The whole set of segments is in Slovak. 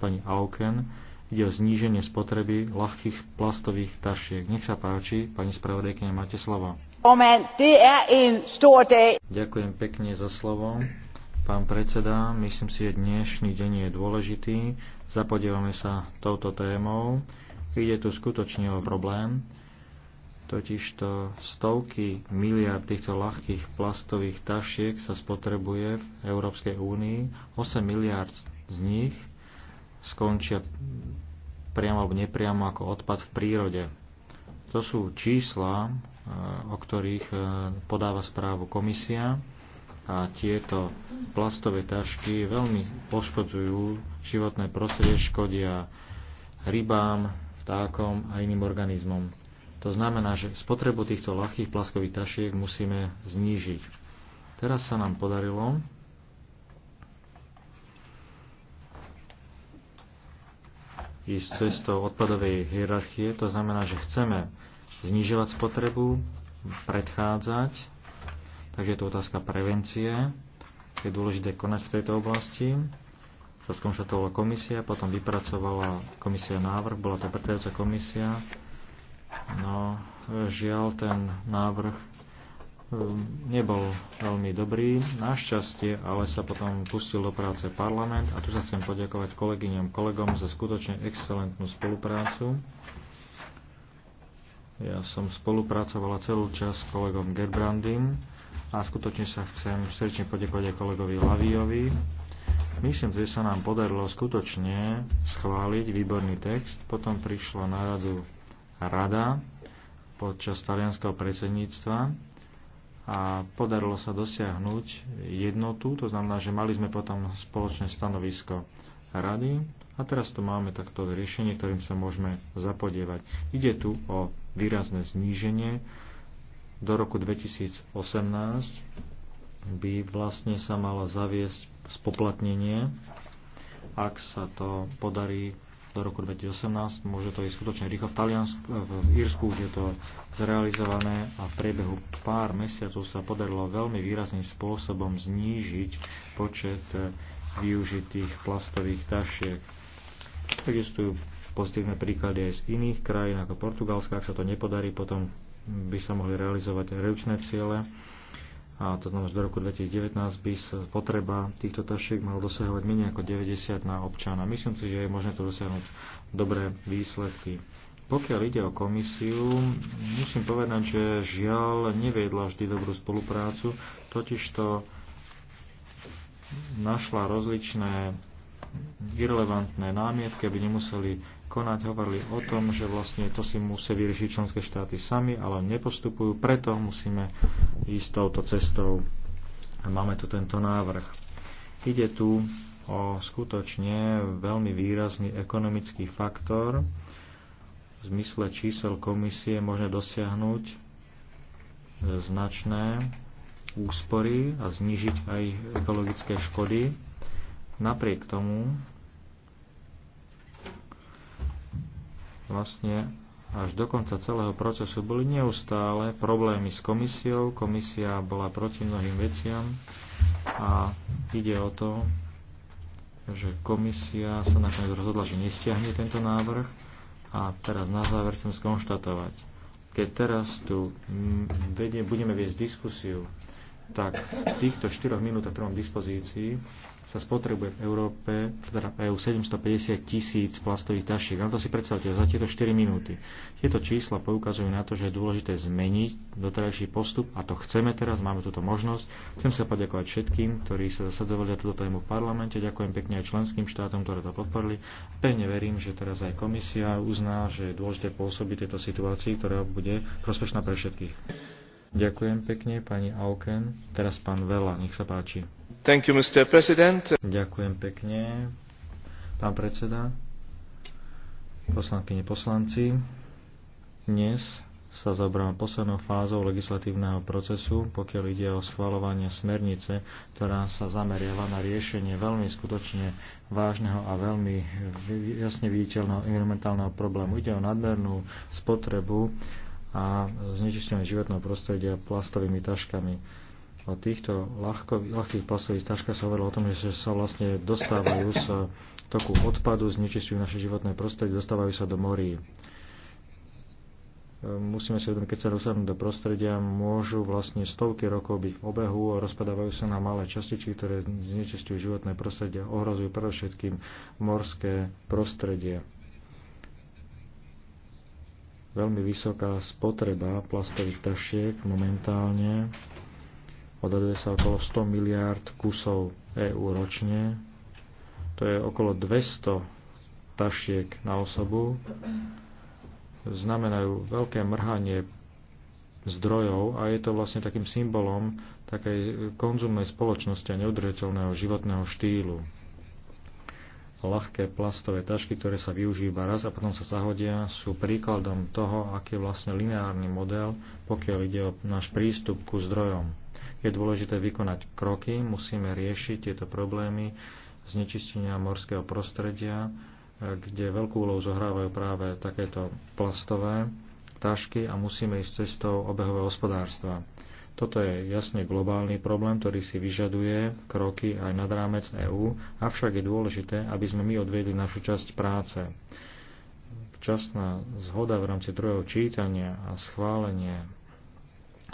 pani Auken. Ide o zníženie spotreby ľahkých plastových tašiek. Nech sa páči, pani spravodajkyňa, máte slovo. Er Ďakujem pekne za slovo. Pán predseda, myslím si, že dnešný deň je dôležitý. Zapodievame sa touto témou. Ide tu skutočne o problém, totižto stovky miliard týchto ľahkých plastových tašiek sa spotrebuje v Európskej únii. 8 miliard z nich skončia priamo alebo nepriamo ako odpad v prírode. To sú čísla, e, o ktorých e, podáva správu komisia a tieto plastové tašky veľmi poškodzujú životné prostredie, škodia rybám, vtákom a iným organizmom. To znamená, že spotrebu týchto ľahkých plastových tašiek musíme znížiť. Teraz sa nám podarilo ísť cestou odpadovej hierarchie. To znamená, že chceme znižovať spotrebu, predchádzať, takže je to otázka prevencie. Je dôležité konať v tejto oblasti. To skonštatovala komisia, potom vypracovala komisia návrh, bola to predchádzajúca komisia. No, žiaľ, ten návrh Ehm, nebol veľmi dobrý. Našťastie ale sa potom pustil do práce parlament a tu sa chcem poďakovať kolegyňam, kolegom za skutočne excelentnú spoluprácu. Ja som spolupracovala celú čas s kolegom Gerbrandym a skutočne sa chcem srdečne poďakovať aj kolegovi Laviovi. Myslím, že sa nám podarilo skutočne schváliť výborný text. Potom prišla na radu rada počas talianského predsedníctva a podarilo sa dosiahnuť jednotu, to znamená, že mali sme potom spoločné stanovisko rady a teraz tu máme takto riešenie, ktorým sa môžeme zapodievať. Ide tu o výrazné zníženie. Do roku 2018 by vlastne sa malo zaviesť spoplatnenie. Ak sa to podarí do roku 2018. Môže to ísť skutočne rýchlo. V, Taliansku, v Írsku už je to zrealizované a v priebehu pár mesiacov sa podarilo veľmi výrazným spôsobom znížiť počet e, využitých plastových tašiek. Existujú pozitívne príklady aj z iných krajín ako Portugalska. Ak sa to nepodarí, potom by sa mohli realizovať reučné ciele a to znamená, že do roku 2019 by sa potreba týchto tašiek malo dosahovať menej ako 90 na občana. Myslím si, že je možné to dosiahnuť dobré výsledky. Pokiaľ ide o komisiu, musím povedať, že žiaľ neviedla vždy dobrú spoluprácu, totižto našla rozličné irrelevantné námietky, aby nemuseli konať, hovorili o tom, že vlastne to si musia vyriešiť členské štáty sami, ale nepostupujú, preto musíme ísť touto cestou. A máme tu tento návrh. Ide tu o skutočne veľmi výrazný ekonomický faktor. V zmysle čísel komisie môže dosiahnuť značné úspory a znižiť aj ekologické škody. Napriek tomu vlastne až do konca celého procesu boli neustále problémy s komisiou. Komisia bola proti mnohým veciam a ide o to, že komisia sa nakoniec rozhodla, že nestiahne tento návrh a teraz na záver chcem skonštatovať. Keď teraz tu vedie, budeme viesť diskusiu tak v týchto 4 minútach, ktoré mám dispozícii, sa spotrebuje v Európe, teda EU 750 tisíc plastových tašiek. Na to si predstavte, za tieto 4 minúty. Tieto čísla poukazujú na to, že je dôležité zmeniť doterajší postup a to chceme teraz, máme túto možnosť. Chcem sa poďakovať všetkým, ktorí sa zasadzovali za túto tému v parlamente. Ďakujem pekne aj členským štátom, ktoré to podporili. Pevne verím, že teraz aj komisia uzná, že je dôležité pôsobiť tejto situácii, ktorá bude prospešná pre všetkých. Ďakujem pekne, pani Auken. Teraz pán Vela, nech sa páči. Thank you, Mr. President. Ďakujem pekne, pán predseda, poslankyne, poslanci. Dnes sa zabral poslednou fázou legislatívneho procesu, pokiaľ ide o schvalovanie smernice, ktorá sa zameriava na riešenie veľmi skutočne vážneho a veľmi jasne viditeľného environmentálneho problému. Ide o nadmernú spotrebu a znečišťovanie životného prostredia plastovými taškami. O týchto ľahko, ľahkých plastových taškách sa hovorilo o tom, že sa vlastne dostávajú z toku odpadu, znečistujú naše životné prostredie, dostávajú sa do morí. Musíme si uvedomiť, keď sa dostanú do prostredia, môžu vlastne stovky rokov byť v obehu a rozpadávajú sa na malé častičky, ktoré znečistujú životné prostredie, ohrozujú predovšetkým morské prostredie veľmi vysoká spotreba plastových tašiek momentálne. Odhaduje sa okolo 100 miliárd kusov EÚ ročne. To je okolo 200 tašiek na osobu. Znamenajú veľké mrhanie zdrojov a je to vlastne takým symbolom takej konzumnej spoločnosti a neudržateľného životného štýlu ľahké plastové tašky, ktoré sa využijú iba raz a potom sa zahodia, sú príkladom toho, aký je vlastne lineárny model, pokiaľ ide o náš prístup ku zdrojom. Je dôležité vykonať kroky, musíme riešiť tieto problémy znečistenia morského prostredia, kde veľkú úlohu zohrávajú práve takéto plastové tašky a musíme ísť cestou obehového hospodárstva. Toto je jasne globálny problém, ktorý si vyžaduje kroky aj nad rámec EÚ, avšak je dôležité, aby sme my odvedli našu časť práce. Včasná zhoda v rámci druhého čítania a schválenie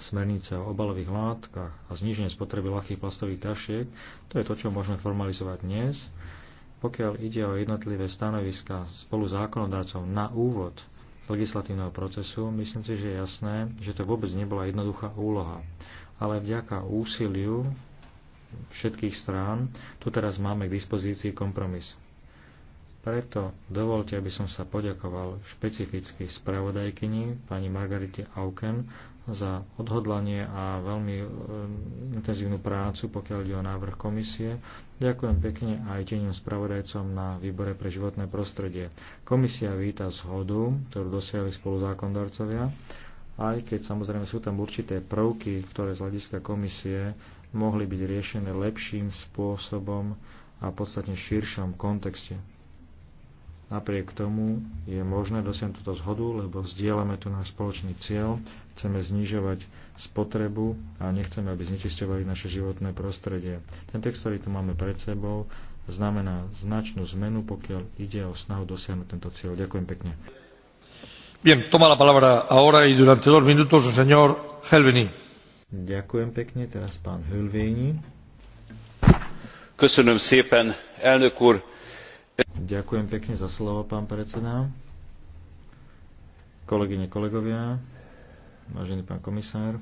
smernice o obalových látkach a zniženie spotreby ľahkých plastových tašiek, to je to, čo môžeme formalizovať dnes. Pokiaľ ide o jednotlivé stanoviska spolu zákonodácov na úvod legislatívneho procesu, myslím si, že je jasné, že to vôbec nebola jednoduchá úloha. Ale vďaka úsiliu všetkých strán tu teraz máme k dispozícii kompromis. Preto dovolte, aby som sa poďakoval špecificky spravodajkyni pani Margarite Auken za odhodlanie a veľmi e, intenzívnu prácu, pokiaľ ide o návrh komisie. Ďakujem pekne aj teným spravodajcom na výbore pre životné prostredie. Komisia víta zhodu, ktorú dosiahli zákondarcovia, aj keď samozrejme sú tam určité prvky, ktoré z hľadiska komisie mohli byť riešené lepším spôsobom a podstatne širšom kontexte. Napriek tomu je možné dosiahnuť túto zhodu, lebo zdieľame tu náš spoločný cieľ, chceme znižovať spotrebu a nechceme, aby znečisťovali naše životné prostredie. Ten text, ktorý tu máme pred sebou, znamená značnú zmenu, pokiaľ ide o snahu dosiahnuť tento cieľ. Ďakujem pekne. Bien, toma la palabra ahora y durante dos minutos el señor Helvini. Ďakujem pekne, teraz pán Helvini. Köszönöm szépen, elnök úr Ďakujem pekne za slovo, pán predseda. Kolegyne, kolegovia, vážený pán komisár,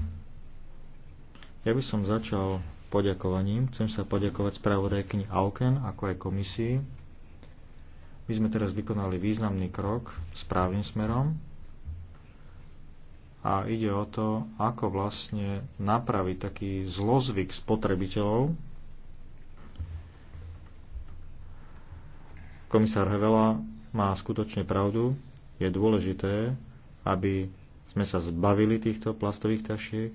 ja by som začal poďakovaním. Chcem sa poďakovať spravodajkyni Auken, ako aj komisii. My sme teraz vykonali významný krok správnym smerom a ide o to, ako vlastne napraviť taký zlozvyk spotrebiteľov, Komisár Hevela má skutočne pravdu. Je dôležité, aby sme sa zbavili týchto plastových tašiek.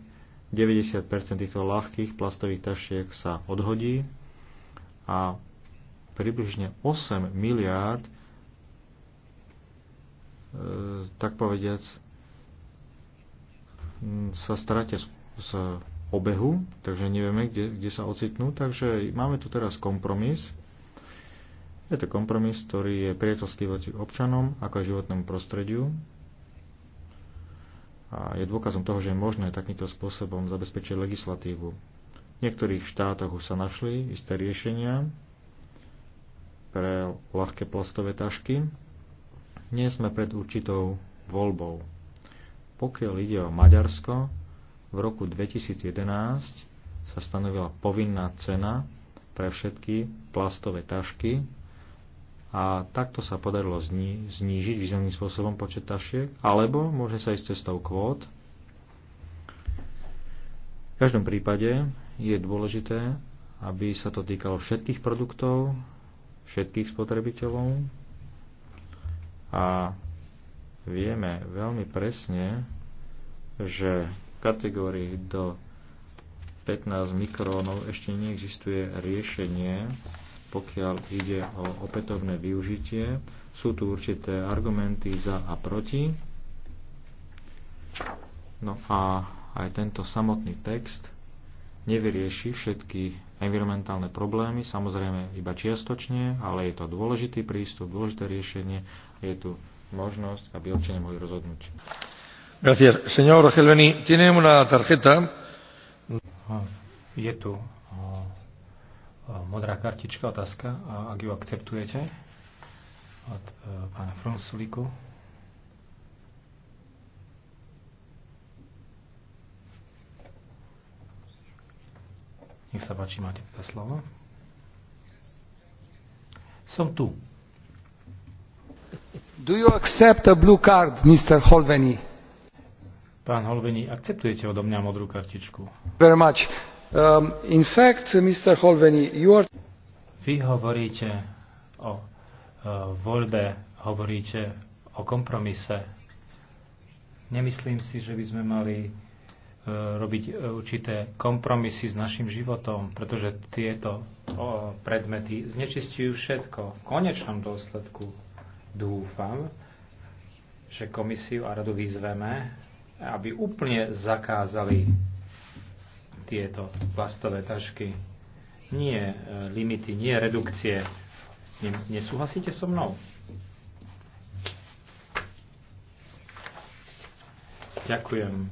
90% týchto ľahkých plastových tašiek sa odhodí a približne 8 miliárd e, tak povediac sa stratia z obehu, takže nevieme, kde, kde sa ocitnú. Takže máme tu teraz kompromis, je to kompromis, ktorý je priateľský voči občanom ako aj životnému prostrediu a je dôkazom toho, že je možné takýmto spôsobom zabezpečiť legislatívu. V niektorých štátoch už sa našli isté riešenia pre ľahké plastové tašky. Nie sme pred určitou voľbou. Pokiaľ ide o Maďarsko, v roku 2011 sa stanovila povinná cena pre všetky plastové tašky a takto sa podarilo zni- znížiť významným spôsobom počet tašiek, alebo môže sa ísť cestou kvót. V každom prípade je dôležité, aby sa to týkalo všetkých produktov, všetkých spotrebiteľov a vieme veľmi presne, že v kategórii do 15 mikrónov ešte neexistuje riešenie pokiaľ ide o opätovné využitie. Sú tu určité argumenty za a proti. No a aj tento samotný text nevyrieši všetky environmentálne problémy, samozrejme iba čiastočne, ale je to dôležitý prístup, dôležité riešenie a je tu možnosť, aby občania mohli rozhodnúť. Gracias. Señor Gelbeni, tiene una tarjeta. Je tu modrá kartička, otázka, a ak ju akceptujete od e, pána Fronsulíku. Nech sa páči, máte teda slovo. Som tu. Do you accept a blue card, Mr. Holveni? Pán Holveni, akceptujete odo mňa modrú kartičku? Very much. Um, in fact, Mr. Holveni, you are... Vy hovoríte o uh, voľbe, hovoríte o kompromise. Nemyslím si, že by sme mali uh, robiť uh, určité kompromisy s našim životom, pretože tieto uh, predmety znečistujú všetko. V konečnom dôsledku dúfam, že komisiu a radu vyzveme, aby úplne zakázali tieto plastové tašky. Nie e, limity, nie redukcie. Nesúhlasíte so mnou? Ďakujem.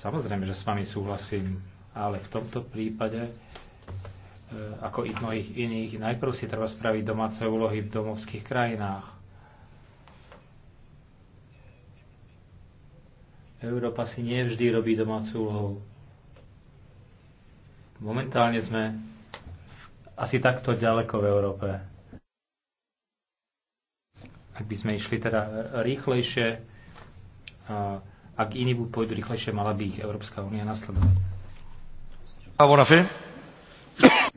Samozrejme, že s vami súhlasím, ale v tomto prípade, e, ako i v mnohých iných, najprv si treba spraviť domáce úlohy v domovských krajinách. Európa si nevždy robí domácu úlohu. Momentálne sme asi takto ďaleko v Európe. Ak by sme išli teda rýchlejšie, ak iní pôjdu rýchlejšie, mala by ich Európska únia nasledovať. A Bonafé?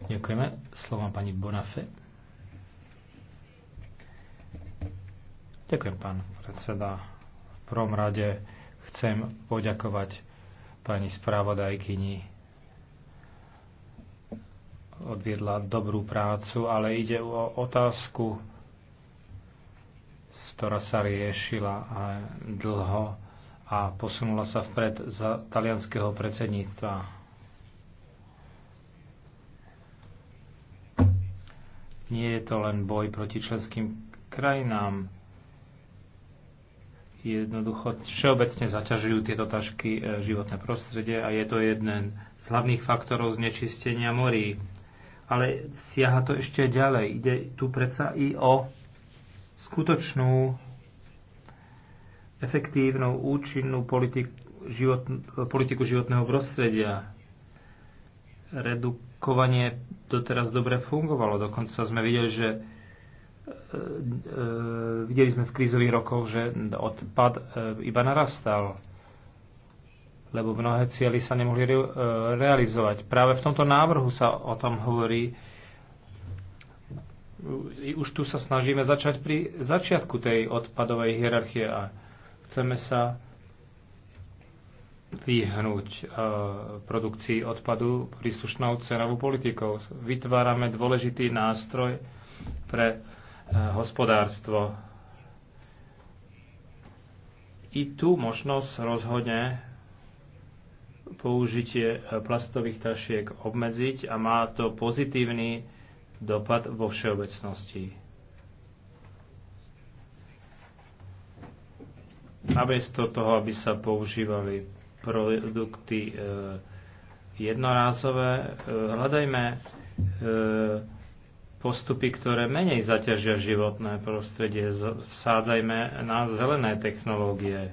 Ďakujeme. Slovo pani Bonafé. Ďakujem, pán predseda. V prvom rade chcem poďakovať pani správodajkyni odviedla dobrú prácu, ale ide o otázku, z ktorá sa riešila dlho a posunula sa vpred za talianského predsedníctva. Nie je to len boj proti členským krajinám. Jednoducho všeobecne zaťažujú tieto tašky e, životné prostredie a je to jeden z hlavných faktorov znečistenia morí ale siaha to ešte ďalej. Ide tu predsa i o skutočnú, efektívnu, účinnú politik, život, politiku životného prostredia. Redukovanie doteraz dobre fungovalo. Dokonca sme videli, že e, e, e, videli sme v krízových rokoch, že odpad iba narastal lebo mnohé cieľy sa nemohli re- realizovať. Práve v tomto návrhu sa o tom hovorí. Už tu sa snažíme začať pri začiatku tej odpadovej hierarchie a chceme sa vyhnúť e, produkcii odpadu príslušnou cenovou politikou. Vytvárame dôležitý nástroj pre e, hospodárstvo. I tu možnosť rozhodne použitie e, plastových tašiek obmedziť a má to pozitívny dopad vo všeobecnosti. Namiesto toho, aby sa používali produkty e, jednorázové, e, hľadajme e, postupy, ktoré menej zaťažia životné prostredie. Vsádzajme na zelené technológie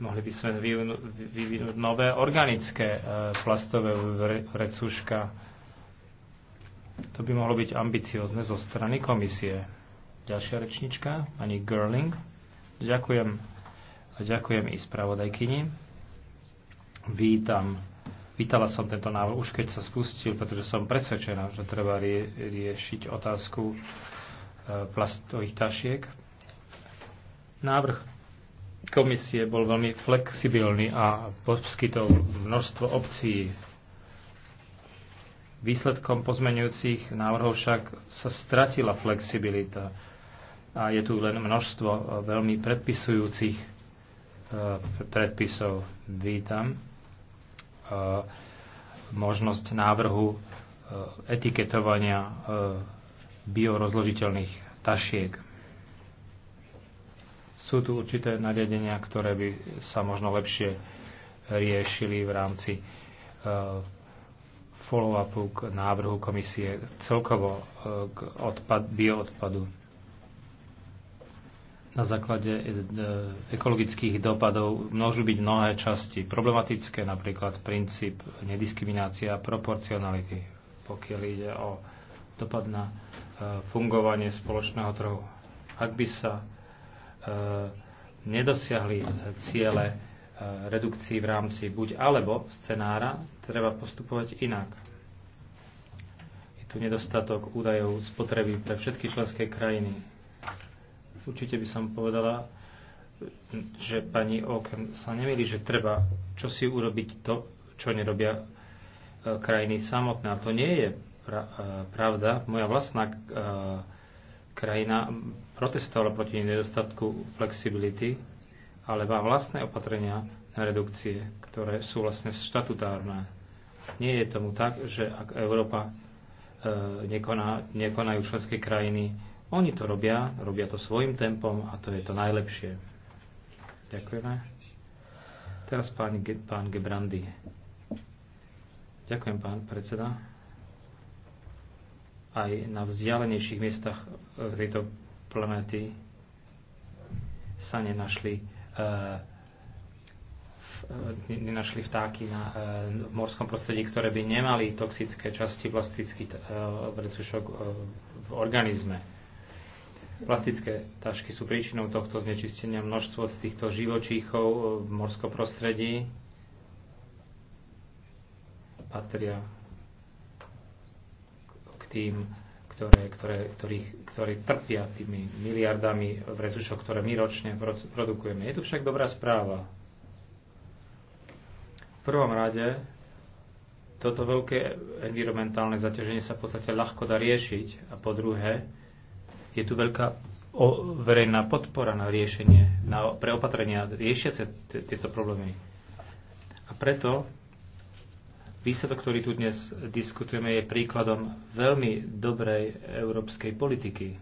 Mohli by sme vyvinúť nové organické e, plastové recuška. To by mohlo byť ambiciozne zo strany komisie. Ďalšia rečnička, pani Girling. Ďakujem, ďakujem i spravodajkyni. Vítam Vítala som tento návrh už keď sa spustil, pretože som presvedčená, že treba rie- riešiť otázku e, plastových tašiek. Návrh komisie bol veľmi flexibilný a poskytol množstvo obcí. Výsledkom pozmeňujúcich návrhov však sa stratila flexibilita a je tu len množstvo e, veľmi predpisujúcich e, predpisov. Vítam e, možnosť návrhu etiketovania biorozložiteľných tašiek. Sú tu určité nariadenia, ktoré by sa možno lepšie riešili v rámci e, follow-upu k návrhu komisie celkovo e, k odpad, bioodpadu. Na základe e, ekologických dopadov môžu byť mnohé časti problematické, napríklad princíp nediskriminácia a proporcionality, pokiaľ ide o dopad na fungovanie spoločného trhu. Ak by sa E, nedosiahli ciele e, redukcií v rámci buď alebo scenára, treba postupovať inak. Je tu nedostatok údajov spotreby pre všetky členské krajiny. Určite by som povedala, že pani Oken sa nemýli, že treba čo si urobiť to, čo nerobia e, krajiny samotné. A to nie je pravda. Moja vlastná Krajina protestovala proti nedostatku flexibility, ale má vlastné opatrenia na redukcie, ktoré sú vlastne štatutárne. Nie je tomu tak, že ak Európa e, nekoná, nekonajú členské krajiny, oni to robia, robia to svojim tempom a to je to najlepšie. Ďakujeme. Teraz pán, pán Gebrandy. Ďakujem, pán predseda aj na vzdialenejších miestach e, tejto planéty sa nenašli, e, e, nenašli vtáky na, v morskom prostredí, ktoré by nemali toxické časti plastických vrecušok v organizme. Plastické tašky sú príčinou tohto znečistenia. Množstvo z týchto živočíchov v morskom prostredí patria tým, ktoré, ktoré, ktorých, ktorí trpia tými miliardami vrezušok, ktoré my ročne produkujeme. Je tu však dobrá správa. V prvom rade toto veľké environmentálne zaťaženie sa v podstate ľahko dá riešiť a po druhé je tu veľká o, verejná podpora na riešenie, na, pre opatrenia riešiace tieto problémy. A preto Výsledok, ktorý tu dnes diskutujeme, je príkladom veľmi dobrej európskej politiky.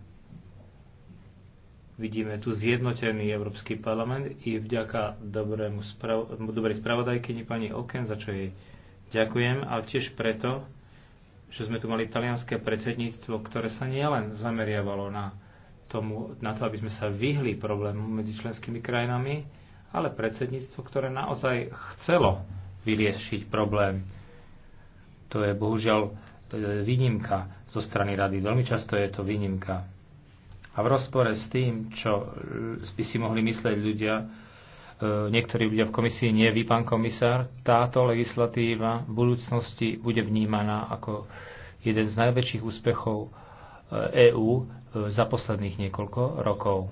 Vidíme tu zjednotený Európsky parlament i vďaka dobrému dobrej spravodajkyni pani Oken, za čo jej ďakujem, ale tiež preto, že sme tu mali italianské predsedníctvo, ktoré sa nielen zameriavalo na, tomu, na to, aby sme sa vyhli problému medzi členskými krajinami, ale predsedníctvo, ktoré naozaj chcelo vyriešiť problém to je bohužiaľ výnimka zo strany rady. Veľmi často je to výnimka. A v rozpore s tým, čo e, by si mohli myslieť ľudia, e, niektorí ľudia v komisii, nie vy, pán komisár, táto legislatíva v budúcnosti bude vnímaná ako jeden z najväčších úspechov EÚ e za posledných niekoľko rokov.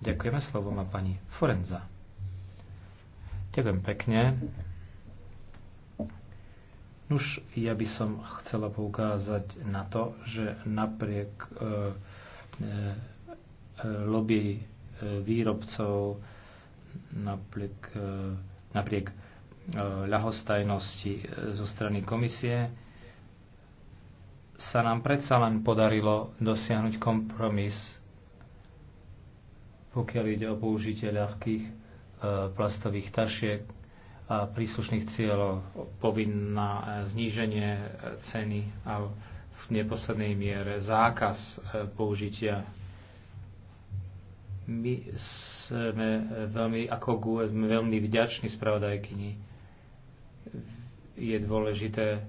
Ďakujeme slovo má pani Forenza. Ďakujem pekne. Nuž, ja by som chcela poukázať na to, že napriek e, e, e lobby e, výrobcov, napriek, e, napriek e, ľahostajnosti e, zo strany komisie, sa nám predsa len podarilo dosiahnuť kompromis, pokiaľ ide o použitie ľahkých plastových tašiek príslušných cieľov, povinná e, zníženie e, ceny a v neposlednej miere zákaz e, použitia. My sme veľmi, ako GUE, sme veľmi vďační spravodajkyni. Je dôležité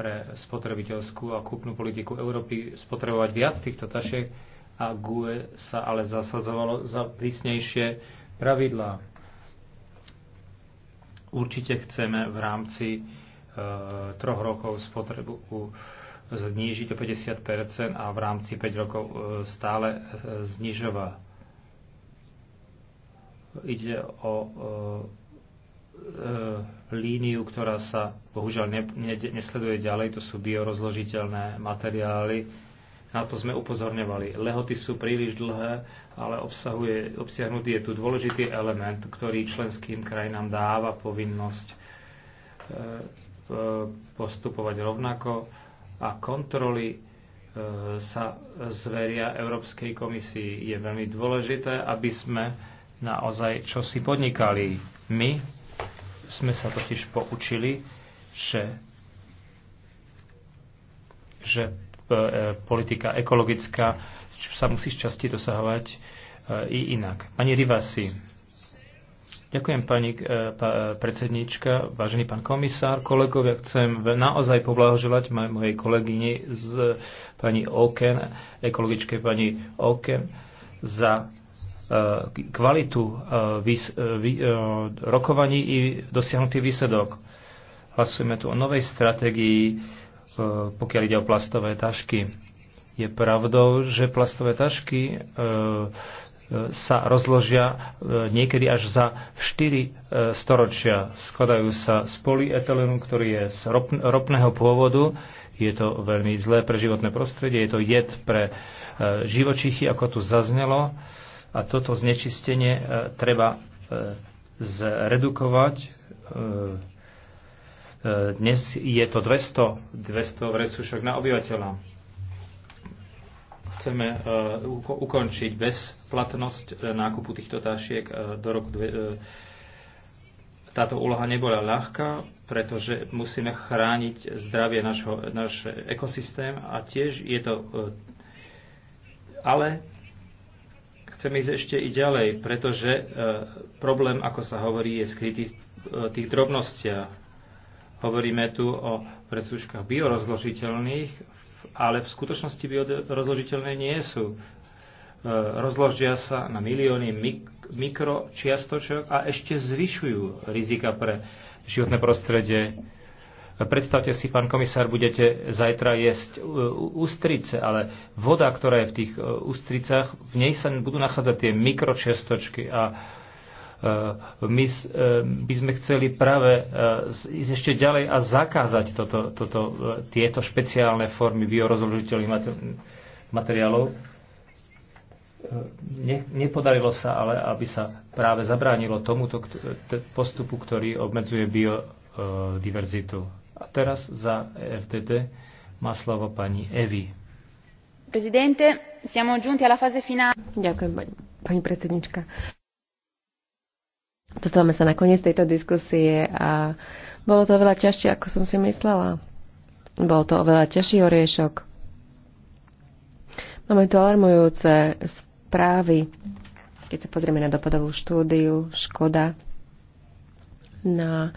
pre spotrebiteľskú a kúpnu politiku Európy spotrebovať viac týchto tašiek a GUE sa ale zasadzovalo za prísnejšie pravidlá Určite chceme v rámci e, troch rokov spotrebu u, znížiť o 50 a v rámci 5 rokov e, stále e, znižovať. Ide o e, e, líniu, ktorá sa bohužiaľ ne, ne, nesleduje ďalej, to sú biorozložiteľné materiály, na to sme upozorňovali. Lehoty sú príliš dlhé, ale obsahuje, obsiahnutý je tu dôležitý element, ktorý členským krajinám dáva povinnosť e, e, postupovať rovnako a kontroly e, sa zveria Európskej komisii. Je veľmi dôležité, aby sme naozaj čo si podnikali. My sme sa totiž poučili, že, že E, politika ekologická čo sa musí z časti dosahovať e, i inak. Pani Rivasi. Ďakujem, pani e, predsednička, vážený pán komisár, kolegovia. Chcem naozaj poblahoželať mojej kolegyni z pani Oken, ekologičkej pani Oken, za kvalitu rokovaní i dosiahnutý výsledok. Hlasujeme tu o novej stratégii E, pokiaľ ide o plastové tašky. Je pravdou, že plastové tašky e, e, sa rozložia niekedy až za 4 storočia. Skladajú sa z polyetelenu, ktorý je z ropného pôvodu. Je to veľmi zlé pre životné prostredie, je to jed pre živočichy, ako tu zaznelo. A toto znečistenie treba zredukovať dnes je to 200, 200 vrecušok na obyvateľa. Chceme e, ukončiť bezplatnosť e, nákupu týchto tášiek e, do roku táto úloha nebola ľahká, pretože musíme chrániť zdravie našho, náš ekosystém a tiež je to... Ale chcem ísť ešte i ďalej, pretože problém, ako sa hovorí, je skrytý v tých drobnostiach Hovoríme tu o presúškach biorozložiteľných, ale v skutočnosti biorozložiteľné nie sú. E, rozložia sa na milióny mikročiastočok a ešte zvyšujú rizika pre životné prostredie. Predstavte si, pán komisár, budete zajtra jesť ústrice, ale voda, ktorá je v tých e, ústricách, v nej sa budú nachádzať tie mikročiastočky a Eh, my eh, by sme chceli práve eh, ísť ešte ďalej a zakázať toto, toto, tieto špeciálne formy biorozložiteľných materiálov. Ne, nepodarilo sa ale, aby sa práve zabránilo tomuto postupu, ktorý obmedzuje biodiverzitu. A teraz za FTT má slovo pani Evi. Prezidente, siamo giunti alla fase finale. Ďakujem, pani, predsednička. Dostávame sa na koniec tejto diskusie a bolo to oveľa ťažšie, ako som si myslela. Bol to oveľa ťažší oriešok. Máme tu alarmujúce správy. Keď sa pozrieme na dopadovú štúdiu, škoda na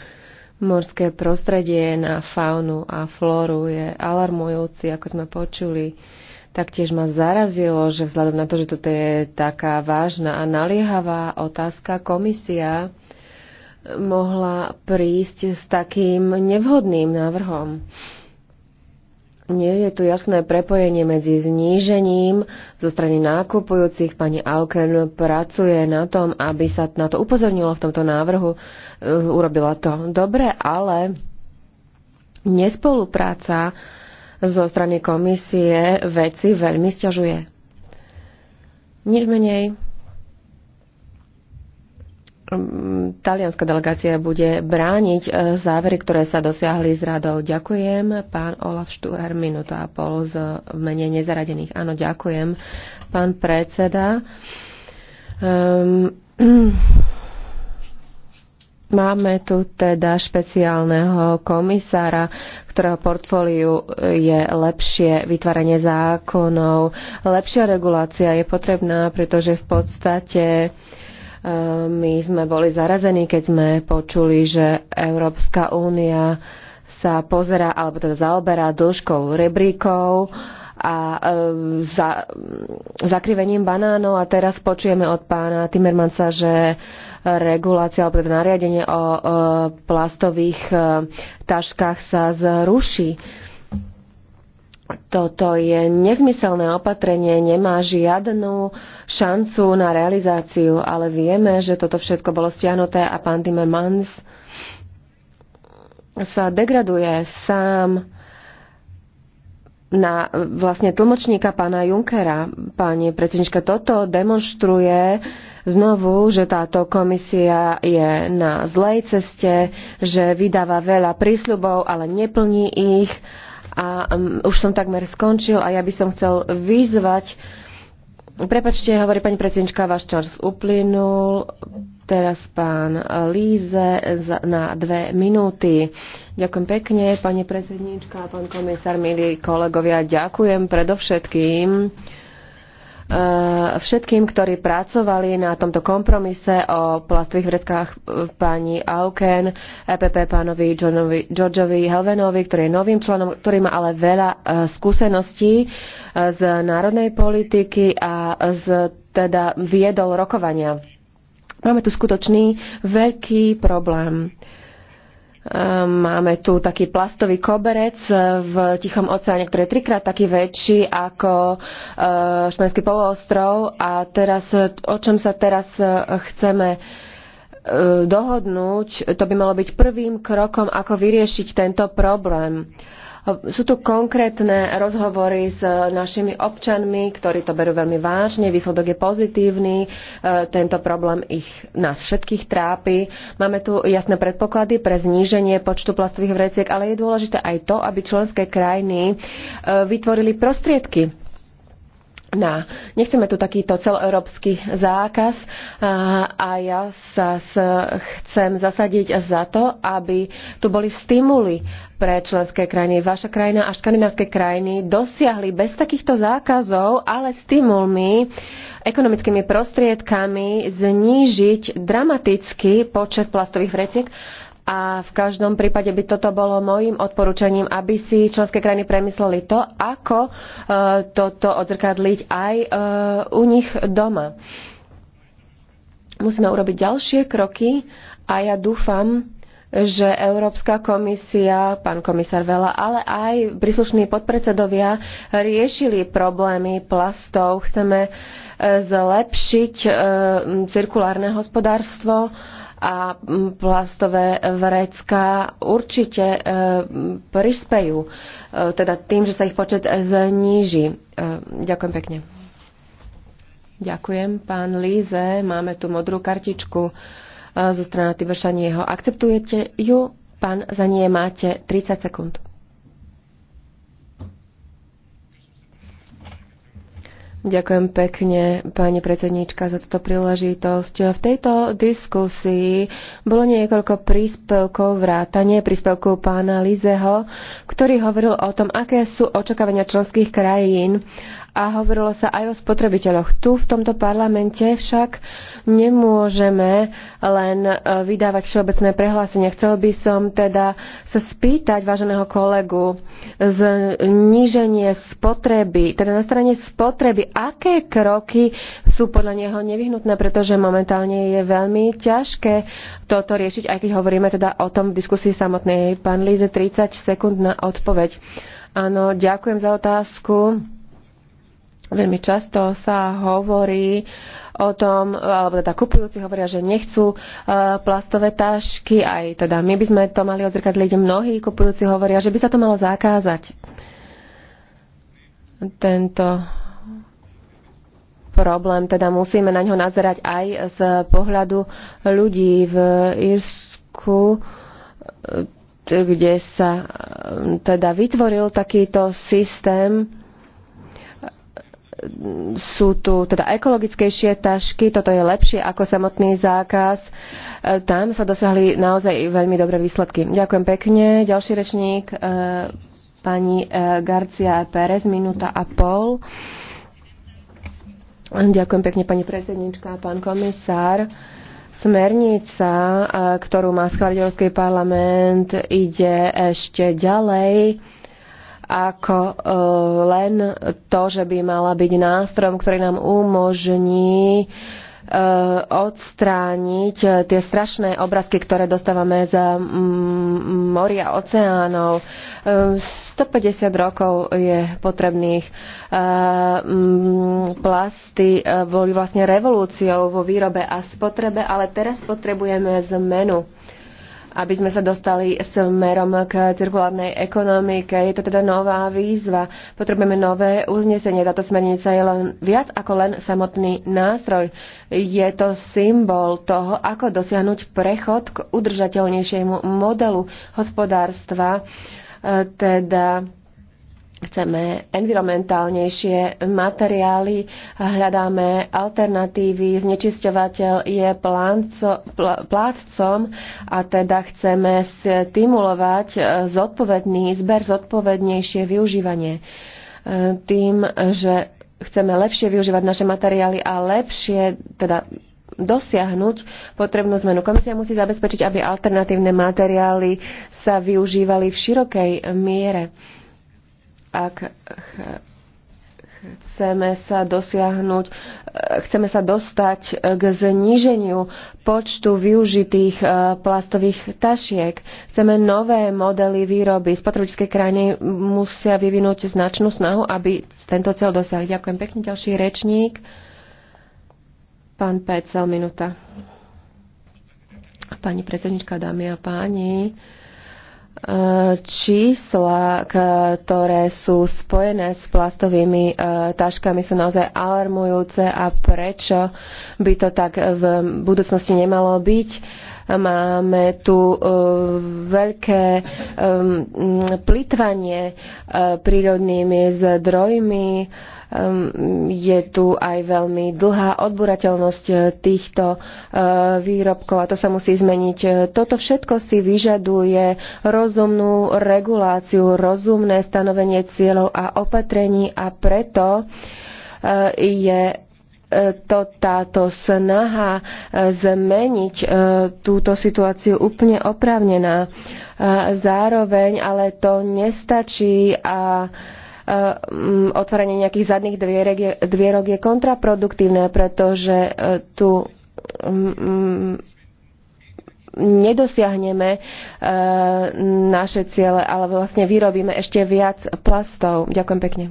morské prostredie, na faunu a flóru je alarmujúci, ako sme počuli. Taktiež ma zarazilo, že vzhľadom na to, že toto je taká vážna a naliehavá otázka, komisia mohla prísť s takým nevhodným návrhom. Nie je tu jasné prepojenie medzi znížením zo strany nákupujúcich. Pani Auken pracuje na tom, aby sa na to upozornilo v tomto návrhu. Urobila to dobre, ale nespolupráca zo strany komisie veci veľmi sťažuje. Nič menej. Mm, talianská delegácia bude brániť e, závery, ktoré sa dosiahli s radou. Ďakujem. Pán Olaf Štuher, minúta a pol z mene nezaradených. Áno, ďakujem. Pán predseda. Um, Máme tu teda špeciálneho komisára, ktorého portfóliu je lepšie vytváranie zákonov. Lepšia regulácia je potrebná, pretože v podstate e, my sme boli zarazení, keď sme počuli, že Európska únia sa pozera, alebo teda zaoberá dĺžkou rebríkov a e, za, zakrivením banánov a teraz počujeme od pána Timmermansa, že e, regulácia alebo teda nariadenie o plastových e, taškách sa zruší. Toto je nezmyselné opatrenie, nemá žiadnu šancu na realizáciu, ale vieme, že toto všetko bolo stiahnuté a pán Timmermans sa degraduje sám na vlastne tlmočníka pána Junkera. Pani predsednička, toto demonstruje znovu, že táto komisia je na zlej ceste, že vydáva veľa prísľubov, ale neplní ich. A um, už som takmer skončil a ja by som chcel vyzvať. Prepačte, hovorí pani predsednička, váš čas uplynul. Teraz pán Líze na dve minúty. Ďakujem pekne, pani predsednička, pán komisár, milí kolegovia, ďakujem predovšetkým Eh, všetkým, ktorí pracovali na tomto kompromise o plastových vreckách eh, pani Auken, EPP pánovi Johnovi, Georgeovi Helvenovi, ktorý je novým členom, ktorý má ale veľa eh, skúseností z národnej politiky a z, teda viedol rokovania. Máme tu skutočný veľký problém. Ehm, máme tu taký plastový koberec eh, v Tichom oceáne, ktorý je trikrát taký väčší ako eh, Španský poloostrov. A teraz, o čom sa teraz eh, chceme dohodnúť, to by malo byť prvým krokom, ako vyriešiť tento problém. Uh, sú tu konkrétne rozhovory s našimi občanmi, ktorí to berú veľmi vážne, výsledok je pozitívny, e, tento problém ich, nás všetkých trápi. Máme tu jasné predpoklady pre zníženie počtu plastových vreciek, ale je dôležité aj to, aby členské krajiny e, vytvorili prostriedky na. Nechceme tu takýto celoeurópsky zákaz a, a ja sa s, chcem zasadiť za to, aby tu boli stimuly pre členské krajiny. Vaša krajina a škandinávské krajiny dosiahli bez takýchto zákazov, ale stimulmi, ekonomickými prostriedkami znížiť dramaticky počet plastových vreciek a v každom prípade by toto bolo môjim odporúčaním, aby si členské krajiny premysleli to, ako e, toto odzrkadliť aj e, u nich doma. Musíme urobiť ďalšie kroky a ja dúfam, že Európska komisia, pán komisár Vela, ale aj príslušní podpredsedovia riešili problémy plastov. Chceme e, zlepšiť cirkulárne hospodárstvo a plastové vrecka určite e, prispejú, e, teda tým, že sa ich počet zníži. E, ďakujem pekne. Ďakujem, pán Líze. Máme tu modrú kartičku zo strany Tybršanieho. Akceptujete ju? Pán, za nie máte 30 sekúnd. Ďakujem pekne, pani predsedníčka, za túto príležitosť. V tejto diskusii bolo niekoľko príspevkov vrátanie príspevkov pána Lizeho, ktorý hovoril o tom, aké sú očakávania členských krajín a hovorilo sa aj o spotrebiteľoch. Tu v tomto parlamente však nemôžeme len e, vydávať všeobecné prehlásenia. Chcel by som teda sa spýtať váženého kolegu zníženie spotreby, teda na strane spotreby, aké kroky sú podľa neho nevyhnutné, pretože momentálne je veľmi ťažké toto riešiť, aj keď hovoríme teda o tom v diskusii samotnej. Pán Líze, 30 sekúnd na odpoveď. Áno, ďakujem za otázku. Veľmi často sa hovorí o tom, alebo teda kupujúci hovoria, že nechcú e, plastové tašky, aj teda my by sme to mali odzrkadliť. Mnohí kupujúci hovoria, že by sa to malo zakázať. Tento problém, teda musíme na ňo nazerať aj z pohľadu ľudí v Irsku, e, kde sa e, teda vytvoril takýto systém, sú tu teda ekologickejšie tašky, toto je lepšie ako samotný zákaz. E, tam sa dosiahli naozaj veľmi dobré výsledky. Ďakujem pekne. Ďalší rečník, e, pani e, Garcia Pérez, minúta a pol. Ďakujem pekne, pani predsednička, pán komisár. Smernica, ktorú má schváliť Európsky parlament, ide ešte ďalej ako e, len to, že by mala byť nástrojom, ktorý nám umožní e, odstrániť e, tie strašné obrázky, ktoré dostávame z moria oceánov. 150 rokov je potrebných. Plasty boli vlastne revolúciou vo výrobe a spotrebe, ale teraz potrebujeme zmenu aby sme sa dostali smerom k cirkulárnej ekonomike. Je to teda nová výzva. Potrebujeme nové uznesenie. Táto smernica je len viac ako len samotný nástroj. Je to symbol toho, ako dosiahnuť prechod k udržateľnejšiemu modelu hospodárstva, e, teda chceme environmentálnejšie materiály, hľadáme alternatívy, znečisťovateľ je plánco, plátcom a teda chceme stimulovať e, zodpovedný zber, zodpovednejšie využívanie. E, tým, že chceme lepšie využívať naše materiály a lepšie, teda dosiahnuť potrebnú zmenu. Komisia musí zabezpečiť, aby alternatívne materiály sa využívali v širokej miere ak chceme sa dosiahnuť, chceme sa dostať k zníženiu počtu využitých e, plastových tašiek. Chceme nové modely výroby. Spotrebičské krajiny musia vyvinúť značnú snahu, aby tento cel dosiahli. Ďakujem pekne. Ďalší rečník. Pán Pecel, minúta. Pani predsednička, dámy a páni čísla, ktoré sú spojené s plastovými e, taškami, sú naozaj alarmujúce a prečo by to tak v budúcnosti nemalo byť. Máme tu e, veľké e, plitvanie prírodnými zdrojmi, Ehm, je tu aj veľmi dlhá odburateľnosť eh, týchto eh, výrobkov a to sa musí zmeniť. Eh, toto všetko si vyžaduje rozumnú reguláciu, rozumné stanovenie cieľov a opatrení a preto je to, táto snaha zmeniť túto situáciu úplne oprávnená. Zároveň ale to nestačí a Ehm, otvorenie nejakých zadných dvierok je, dvierok je kontraproduktívne, pretože e, tu mm, mm, nedosiahneme e, naše ciele, ale vlastne vyrobíme ešte viac plastov. Ďakujem pekne.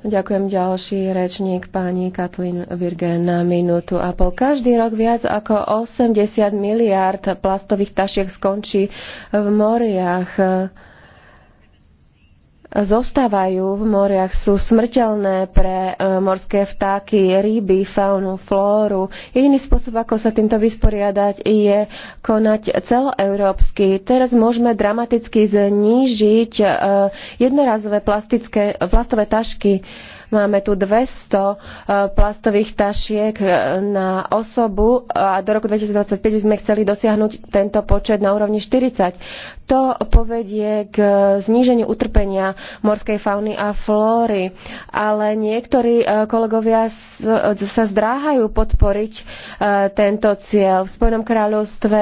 Ďakujem ďalší rečník pani Katlin Virgen na minútu a pol. Každý rok viac ako 80 miliard plastových tašiek skončí v moriach zostávajú v moriach, sú smrteľné pre e, morské vtáky, ryby, faunu, flóru. Jediný spôsob, ako sa týmto vysporiadať, je konať celoeurópsky. Teraz môžeme dramaticky znížiť e, jednorazové plastické, plastové tašky Máme tu 200 e, plastových tašiek e, na osobu a do roku 2025 by sme chceli dosiahnuť tento počet na úrovni 40. To povedie k zníženiu utrpenia morskej fauny a flóry, ale niektorí e, kolegovia sa zdráhajú podporiť tento cieľ. V Spojenom kráľovstve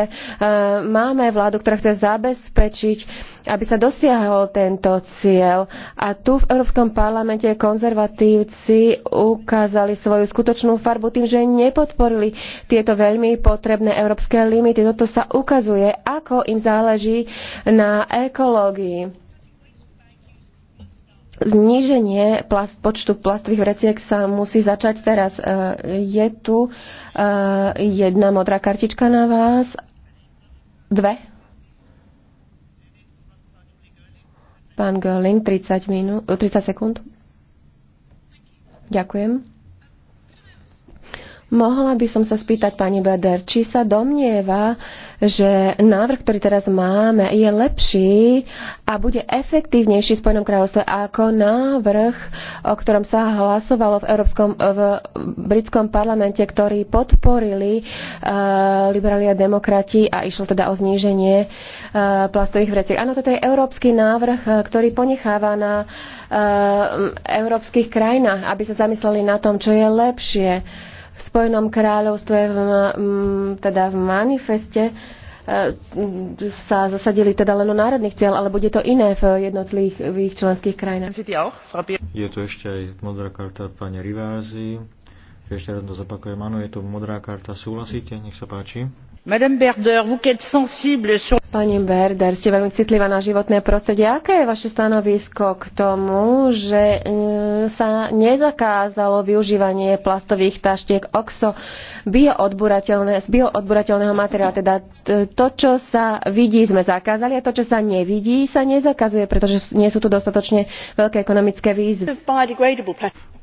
máme vládu, ktorá chce zabezpečiť aby sa dosiahol tento cieľ. A tu v Európskom parlamente konzervatívci ukázali svoju skutočnú farbu tým, že nepodporili tieto veľmi potrebné európske limity. Toto sa ukazuje, ako im záleží na ekológii. Zníženie plast, počtu plastových vreciek sa musí začať teraz. E, je tu e, jedna modrá kartička na vás. Dve. Pán Görling, 30, minú, 30 eh, sekúnd. Ďakujem. Mohla by som sa spýtať pani Bader, či sa domnieva, uh, že návrh, ktorý teraz máme, je lepší a bude efektívnejší v Spojenom kráľovstve ako návrh, o ktorom sa hlasovalo v, Európskom, v britskom parlamente, ktorý podporili uh, liberáli a demokrati a išlo teda o zníženie uh, plastových vreciek. Áno, toto je európsky návrh, eh, ktorý ponecháva na uh, európskych krajinách, aby sa zamysleli na tom, čo je lepšie. Uh, v Spojenom kráľovstve, v, teda v manifeste, e, sa zasadili teda len o národných cieľ, ale bude to iné v jednotlivých členských krajinách. Je tu ešte aj modrá karta pani Rivázy. Ešte raz to zopakujem. Áno, je tu modrá karta. Súhlasíte? Nech sa páči. Pani Berder, ste veľmi citlivá na životné prostredie. Aké je vaše stanovisko k tomu, že e, sa nezakázalo využívanie plastových taštiek OXO z bioodburateľného materiálu? Teda to, čo sa vidí, sme zakázali a to, čo sa nevidí, sa nezakazuje, pretože nie sú tu dostatočne veľké ekonomické výzvy.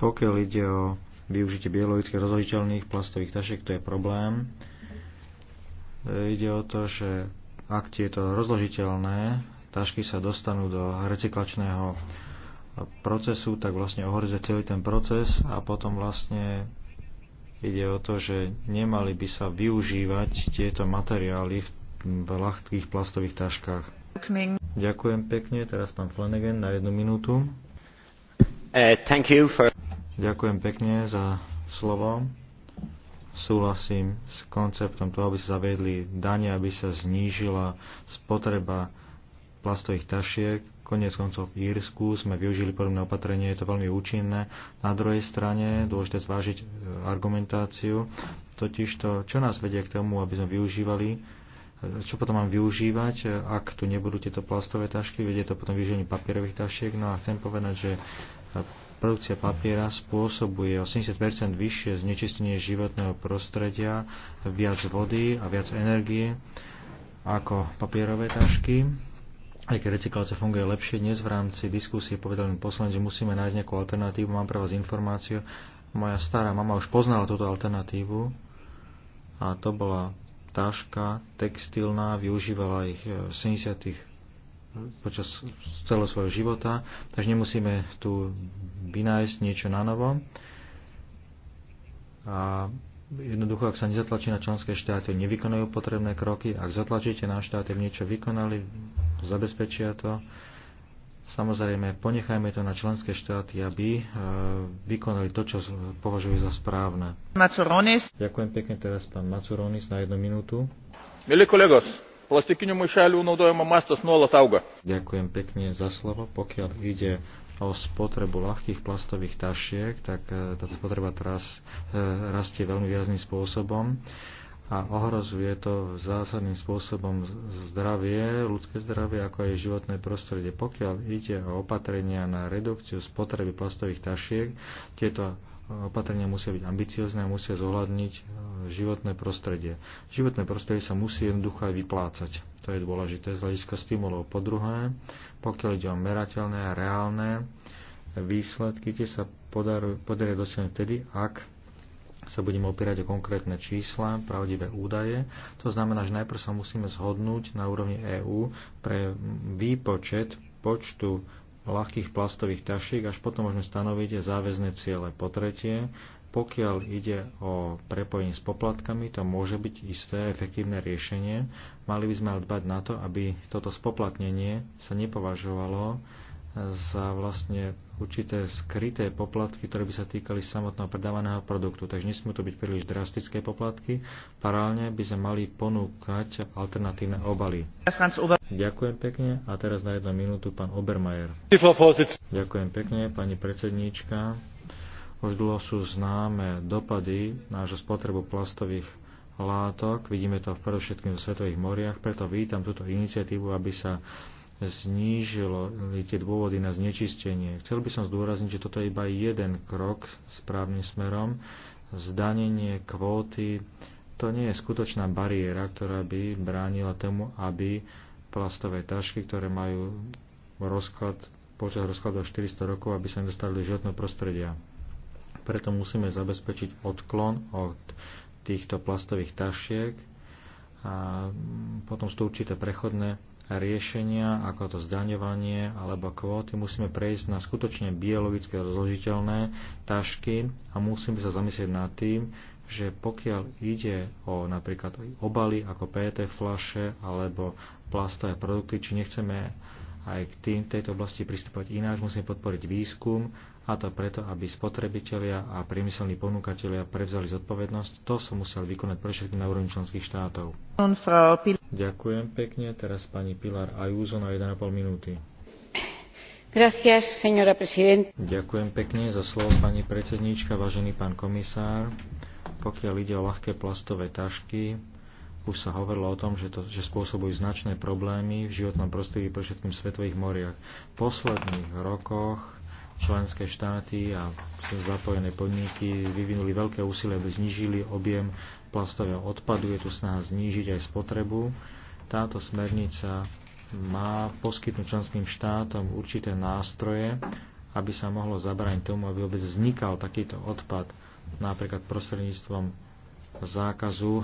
Pokiaľ ide o využitie biologicky rozložiteľných plastových tašiek, to je problém E, ide o to, že ak tieto rozložiteľné tašky sa dostanú do recyklačného procesu, tak vlastne ohrozia celý ten proces a potom vlastne ide o to, že nemali by sa využívať tieto materiály v ľahkých plastových taškách. Ďakujem pekne, teraz pán Flanagan na jednu minútu. Uh, for... Ďakujem pekne za slovo súhlasím s konceptom toho, aby sa zaviedli dane, aby sa znížila spotreba plastových tašiek. Konec koncov v Írsku sme využili podobné opatrenie, je to veľmi účinné. Na druhej strane dôležité zvážiť e, argumentáciu, totiž to, čo nás vedie k tomu, aby sme využívali e, čo potom mám využívať, e, ak tu nebudú tieto plastové tašky, vedie to potom využívanie papierových tašiek. No a chcem povedať, že produkcia papiera spôsobuje 80 vyššie znečistenie životného prostredia, viac vody a viac energie ako papierové tašky. Aj keď recyklácia funguje lepšie, dnes v rámci diskusie povedal mi poslanec, že musíme nájsť nejakú alternatívu. Mám pre vás informáciu. Moja stará mama už poznala túto alternatívu a to bola taška textilná, využívala ich v 70 počas celého svojho života, takže nemusíme tu vynájsť niečo na novo. A jednoducho, ak sa nezatlačí na členské štáty, nevykonajú potrebné kroky, ak zatlačíte na štáty, aby niečo vykonali, zabezpečia to. Samozrejme, ponechajme to na členské štáty, aby e, vykonali to, čo považujú za správne. Macuronis. Ďakujem pekne teraz pán Macuronis na jednu minútu. Milí kolegos, plastikinių maišelių naudojimo mastas nuolat auga. Ďakujem pekne za slovo. Pokiaľ ide o spotrebu ľahkých plastových tašiek, tak e, táto spotreba teraz e, rastie veľmi výrazným spôsobom a ohrozuje to zásadným spôsobom zdravie, ľudské zdravie, ako aj životné prostredie. Pokiaľ ide o opatrenia na redukciu spotreby plastových tašiek, tieto opatrenia musia byť ambiciozne a musia zohľadniť e, životné prostredie. Životné prostredie sa musí jednoducho aj vyplácať. To je dôležité z hľadiska stimulov. Po druhé, pokiaľ ide o merateľné a reálne výsledky, tie sa podarí dosiahnuť vtedy, ak sa budeme opierať o konkrétne čísla, pravdivé údaje. To znamená, že najprv sa musíme zhodnúť na úrovni EÚ pre výpočet počtu ľahkých plastových tašiek, až potom môžeme stanoviť záväzné ciele. Po tretie, pokiaľ ide o prepojenie s poplatkami, to môže byť isté efektívne riešenie. Mali by sme ale dbať na to, aby toto spoplatnenie sa nepovažovalo za vlastne určité skryté poplatky, ktoré by sa týkali samotného predávaného produktu. Takže nesmú to byť príliš drastické poplatky. Parálne by sme mali ponúkať alternatívne obaly. Ďakujem pekne. A teraz na jednu minútu pán Obermajer. Ďakujem pekne, pani predsedníčka. Už dlho sú známe dopady nášho spotrebu plastových látok. Vidíme to v predovšetkým v svetových moriach, preto vítam túto iniciatívu, aby sa znížili tie dôvody na znečistenie. Chcel by som zdôrazniť, že toto je iba jeden krok správnym smerom. Zdanenie kvóty to nie je skutočná bariéra, ktorá by bránila tomu, aby plastové tašky, ktoré majú rozklad, počas rozkladu 400 rokov, aby sa nedostali do životného prostredia. Preto musíme zabezpečiť odklon od týchto plastových tašiek a potom sú to určité prechodné riešenia, ako to zdaňovanie alebo kvóty, musíme prejsť na skutočne biologické rozložiteľné tašky a musíme sa zamyslieť nad tým, že pokiaľ ide o napríklad obaly ako PET flaše alebo plastové produkty, či nechceme aj k tým, tejto oblasti pristúpať ináč, musíme podporiť výskum a to preto, aby spotrebitelia a priemyselní ponúkatelia prevzali zodpovednosť. To som musel vykonať pre všetky na úrovni členských štátov. Ďakujem pekne. Teraz pani Pilar Ajúzo na 1,5 minúty. Gracias, Ďakujem pekne za slovo, pani predsedníčka, vážený pán komisár. Pokiaľ ide o ľahké plastové tašky, už sa hovorilo o tom, že, to, že spôsobujú značné problémy v životnom prostredí pre všetkým svetových moriach. V posledných rokoch členské štáty a zapojené podniky vyvinuli veľké úsilie, aby znižili objem plastového odpadu. Je tu snaha znížiť aj spotrebu. Táto smernica má poskytnúť členským štátom určité nástroje, aby sa mohlo zabrániť tomu, aby vôbec vznikal takýto odpad, napríklad prostredníctvom zákazu e,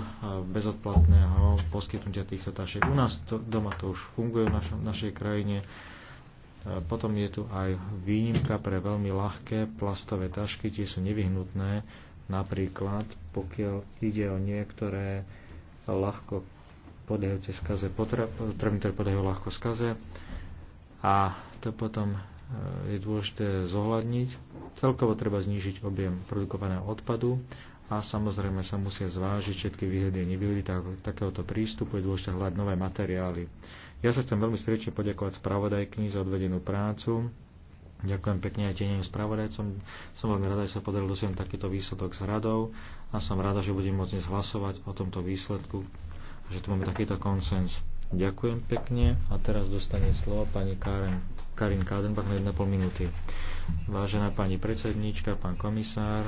bezodplatného poskytnutia týchto tašiek. U nás to, doma to už funguje v našom, našej krajine potom je tu aj výnimka pre veľmi ľahké plastové tašky, tie sú nevyhnutné, napríklad pokiaľ ide o niektoré ľahko podajúce skaze, potraviny, ktoré podajú ľahko skaze. A to potom e, je dôležité zohľadniť. Celkovo treba znížiť objem produkovaného odpadu a samozrejme sa musia zvážiť všetky výhody a nevýhody takéhoto prístupu. Je dôležité hľadať nové materiály. Ja sa chcem veľmi srdečne poďakovať spravodajkyni za odvedenú prácu. Ďakujem pekne aj tieňovým spravodajcom. Som veľmi rada, že sa podaril dosiahnuť takýto výsledok s radou a som rada, že budem môcť dnes hlasovať o tomto výsledku a že tu máme takýto konsens. Ďakujem pekne a teraz dostane slovo pani Karen, Karin Kadenbach na 1,5 minúty. Vážená pani predsednička, pán komisár,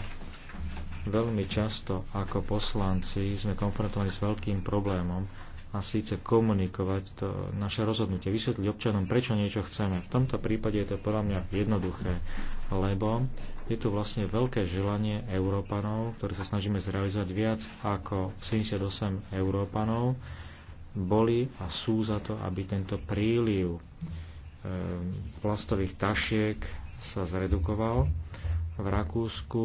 veľmi často ako poslanci sme konfrontovaní s veľkým problémom a síce komunikovať to naše rozhodnutie, vysvetliť občanom, prečo niečo chceme. V tomto prípade je to podľa mňa jednoduché, lebo je tu vlastne veľké želanie Európanov, ktoré sa snažíme zrealizovať viac ako 78 Európanov, boli a sú za to, aby tento príliv ehm, plastových tašiek sa zredukoval. V Rakúsku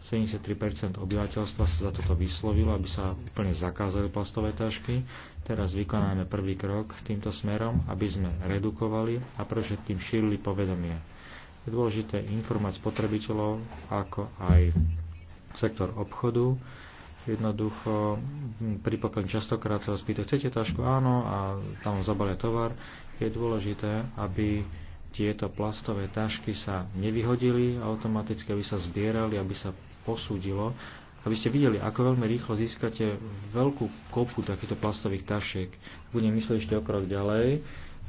73% obyvateľstva sa za toto vyslovilo, aby sa úplne zakázali plastové tašky. Teraz vykonáme prvý krok týmto smerom, aby sme redukovali a pre všetkým šírili povedomie. Je dôležité informovať spotrebiteľov, ako aj sektor obchodu. Jednoducho, pri častokrát sa vás pýta, chcete tašku? Áno, a tam zabalia tovar. Je dôležité, aby tieto plastové tašky sa nevyhodili automaticky, aby sa zbierali, aby sa posúdilo, aby ste videli, ako veľmi rýchlo získate veľkú kopu takýchto plastových tašiek. Budem myslieť ešte o krok ďalej,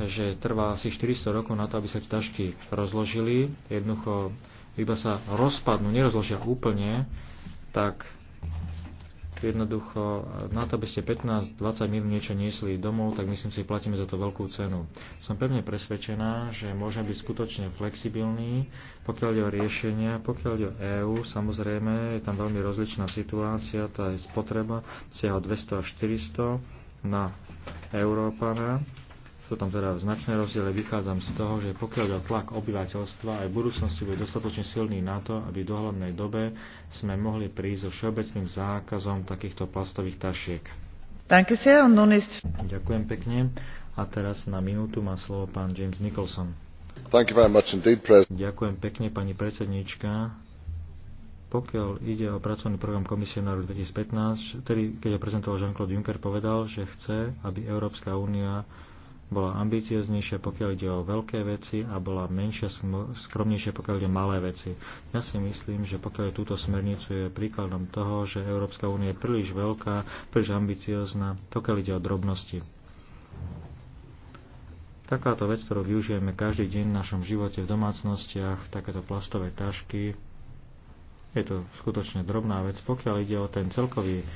že trvá asi 400 rokov na to, aby sa tie tašky rozložili. Jednoducho iba sa rozpadnú, nerozložia úplne, tak jednoducho na to, aby ste 15-20 mil niečo niesli domov, tak myslím si, platíme za to veľkú cenu. Som pevne presvedčená, že môžeme byť skutočne flexibilní, pokiaľ ide o riešenia, pokiaľ ide o EÚ, samozrejme je tam veľmi rozličná situácia, tá je spotreba siaha 200 až 400 na Európana sú tam teda značné rozdiely. Vychádzam z toho, že pokiaľ tlak obyvateľstva aj v budúcnosti bude dostatočne silný na to, aby v dohľadnej dobe sme mohli prísť so všeobecným zákazom takýchto plastových tašiek. Ďakujem pekne. A teraz na minútu má slovo pán James Nicholson. Indeed, Ďakujem pekne, pani predsednička. Pokiaľ ide o pracovný program Komisie na rok 2015, ktorý, keď ho prezentoval Jean-Claude Juncker, povedal, že chce, aby Európska únia bola ambicioznejšia, pokiaľ ide o veľké veci a bola menšia, skromnejšia, pokiaľ ide o malé veci. Ja si myslím, že pokiaľ túto smernicu je príkladom toho, že Európska únia je príliš veľká, príliš ambiciozná, pokiaľ ide o drobnosti. Takáto vec, ktorú využijeme každý deň v našom živote, v domácnostiach, takéto plastové tašky, je to skutočne drobná vec. Pokiaľ ide o ten celkový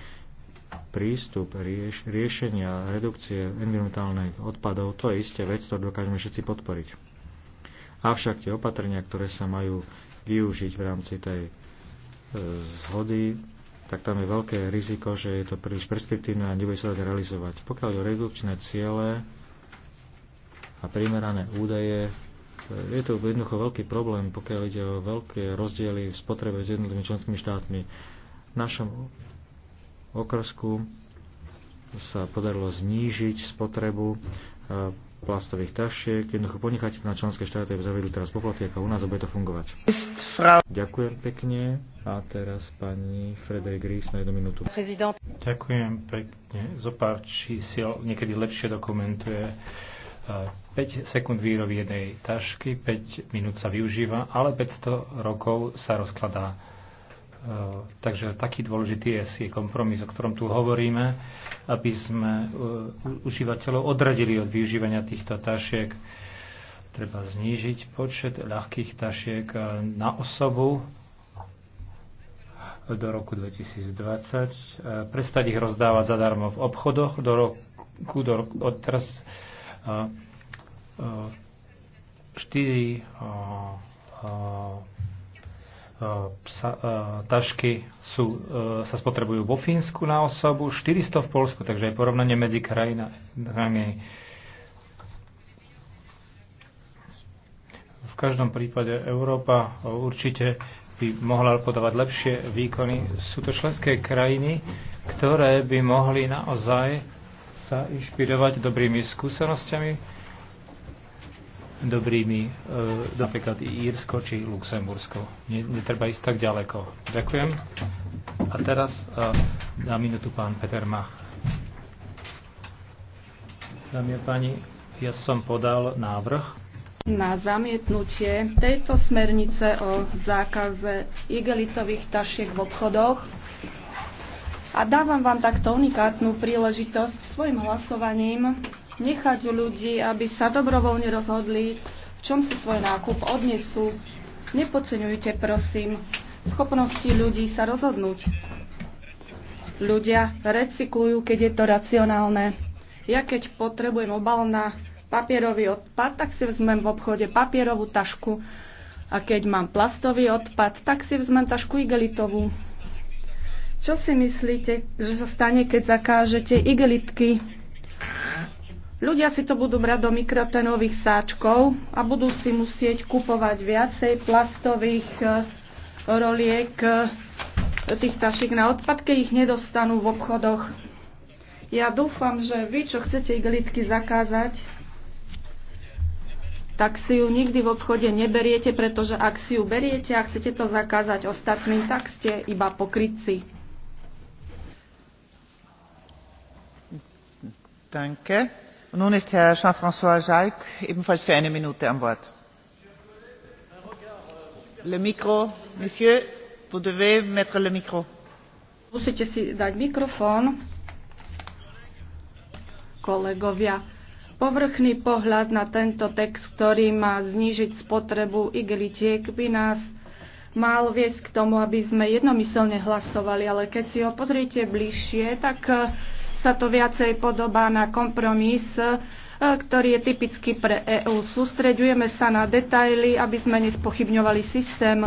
prístup rieš, riešenia redukcie environmentálnych odpadov, to je isté vec, ktorú dokážeme všetci podporiť. Avšak tie opatrenia, ktoré sa majú využiť v rámci tej e, zhody, tak tam je veľké riziko, že je to príliš preskriptívne a nebude sa dať realizovať. Pokiaľ je redukčné ciele a primerané údaje, e, je to jednoducho veľký problém, pokiaľ ide o veľké rozdiely v spotrebe s jednotlivými členskými štátmi. V našom okrsku sa podarilo znížiť spotrebu e, plastových tašiek. Jednoducho ponechajte na členské štáty, aby zavedli teraz poplatky, ako u nás, a bude to fungovať. Ďakujem pekne. A teraz pani Frederik Ries na jednu minútu. Prezident. Ďakujem pekne. Zopár čísiel niekedy lepšie dokumentuje 5 e, sekúnd výroby jednej tašky, 5 minút sa využíva, ale 500 rokov sa rozkladá E, takže taký dôležitý je, si kompromis, o ktorom tu hovoríme, aby sme e, užívateľov odradili od využívania týchto tašiek. Treba znížiť počet ľahkých tašiek e, na osobu do roku 2020, prestať ich rozdávať zadarmo v obchodoch do roku, do roku od teraz 4 psa, tašky sú, sa spotrebujú vo Fínsku na osobu, 400 v Polsku, takže aj porovnanie medzi krajinami. V každom prípade Európa určite by mohla podávať lepšie výkony. Sú to členské krajiny, ktoré by mohli naozaj sa inšpirovať dobrými skúsenostiami dobrými, e, napríklad i Írsko či Luxembursko. Netreba ísť tak ďaleko. Ďakujem. A teraz e, na minútu pán Peter Mach. Dámy a páni, ja som podal návrh na zamietnutie tejto smernice o zákaze igelitových tašiek v obchodoch. A dávam vám takto unikátnu príležitosť svojim hlasovaním nechať ľudí, aby sa dobrovoľne rozhodli, v čom si svoj nákup odnesú. Nepodceňujte, prosím, schopnosti ľudí sa rozhodnúť. Ľudia recyklujú, keď je to racionálne. Ja keď potrebujem obal na papierový odpad, tak si vzmem v obchode papierovú tašku. A keď mám plastový odpad, tak si vzmem tašku igelitovú. Čo si myslíte, že sa stane, keď zakážete igelitky? Ľudia si to budú brať do mikrotenových sáčkov a budú si musieť kupovať viacej plastových e, roliek, e, tých tašiek na odpad, keď ich nedostanú v obchodoch. Ja dúfam, že vy, čo chcete igelitky zakázať, tak si ju nikdy v obchode neberiete, pretože ak si ju beriete a chcete to zakázať ostatným, tak ste iba pokrytci. Danke. Musíte si dať mikrofón, kolegovia. Povrchný pohľad na tento text, ktorý má znížiť spotrebu igelitiek, by nás mal viesť k tomu, aby sme jednomyselne hlasovali, ale keď si ho pozriete bližšie, tak eh, sa to viacej podobá na kompromis, e, ktorý je typický pre EÚ. Sústreďujeme sa na detaily, aby sme nespochybňovali systém.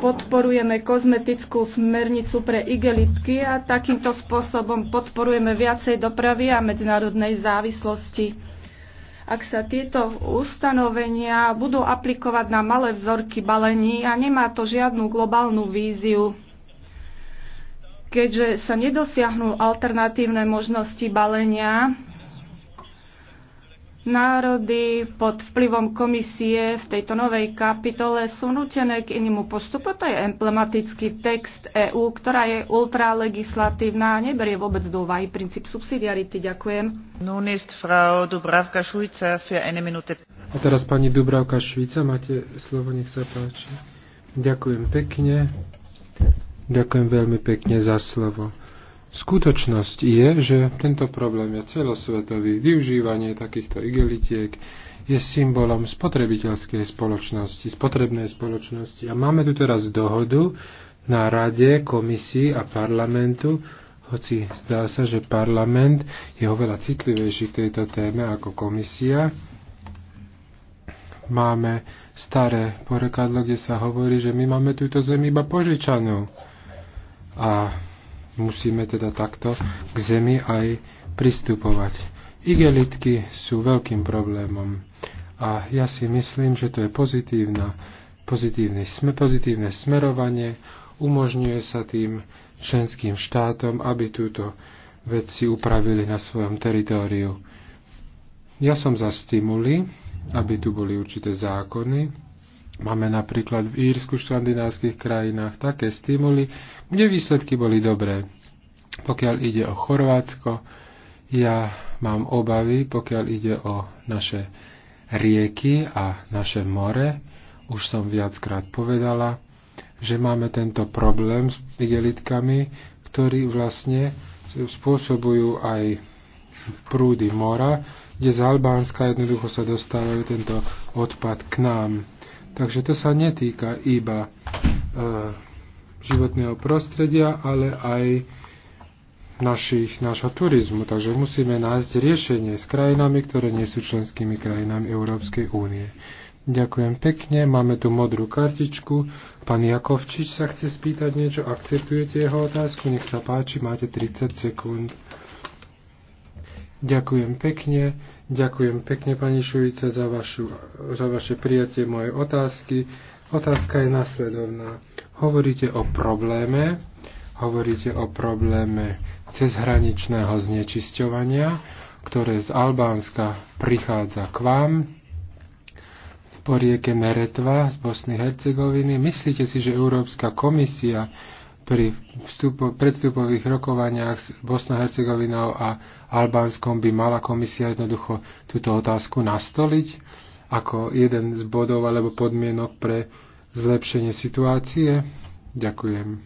Podporujeme kozmetickú smernicu pre igelitky a takýmto spôsobom podporujeme viacej dopravy a medzinárodnej závislosti. Ak sa tieto ustanovenia budú aplikovať na malé vzorky balení a nemá to žiadnu globálnu víziu, Keďže sa nedosiahnu alternatívne možnosti balenia, národy pod vplyvom komisie v tejto novej kapitole sú nutené k inému postupu. To je emblematický text EÚ, ktorá je ultralegislatívna a neberie vôbec do úvahy princíp subsidiarity. Ďakujem. A teraz pani Dubravka Švica, máte slovo, nech sa páči. Ďakujem pekne. Ďakujem veľmi pekne za slovo. Skutočnosť je, že tento problém je celosvetový. Využívanie takýchto igelitiek je symbolom spotrebiteľskej spoločnosti, spotrebnej spoločnosti. A máme tu teraz dohodu na rade, komisii a parlamentu, hoci zdá sa, že parlament je oveľa citlivejší k tejto téme ako komisia. Máme staré porekadlo, kde sa hovorí, že my máme túto zem iba požičanú a musíme teda takto k zemi aj pristupovať. Igelitky sú veľkým problémom a ja si myslím, že to je pozitívna, pozitívne, pozitívne smerovanie, umožňuje sa tým členským štátom, aby túto vec si upravili na svojom teritóriu. Ja som za stimuli, aby tu boli určité zákony. Máme napríklad v Írsku, v škandinávskych krajinách také stimuli kde výsledky boli dobré. Pokiaľ ide o Chorvátsko, ja mám obavy, pokiaľ ide o naše rieky a naše more. Už som viackrát povedala, že máme tento problém s igelitkami, ktorí vlastne spôsobujú aj prúdy mora, kde z Albánska jednoducho sa dostávajú tento odpad k nám. Takže to sa netýka iba e, životného prostredia, ale aj našich, našho turizmu. Takže musíme nájsť riešenie s krajinami, ktoré nie sú členskými krajinami Európskej únie. Ďakujem pekne. Máme tu modrú kartičku. Pán Jakovčič sa chce spýtať niečo. Akceptujete jeho otázku? Nech sa páči, máte 30 sekúnd. Ďakujem pekne. Ďakujem pekne, pani Šujica, za, vašu, za vaše prijatie mojej otázky. Otázka je nasledovná. Hovoríte o probléme, hovoríte o probléme cezhraničného znečisťovania, ktoré z Albánska prichádza k vám po rieke Meretva z Bosny Hercegoviny. Myslíte si, že Európska komisia pri vstupo, predstupových rokovaniach s Bosnou-Hercegovinou a Albánskom by mala komisia jednoducho túto otázku nastoliť ako jeden z bodov alebo podmienok pre zlepšenie situácie? Ďakujem.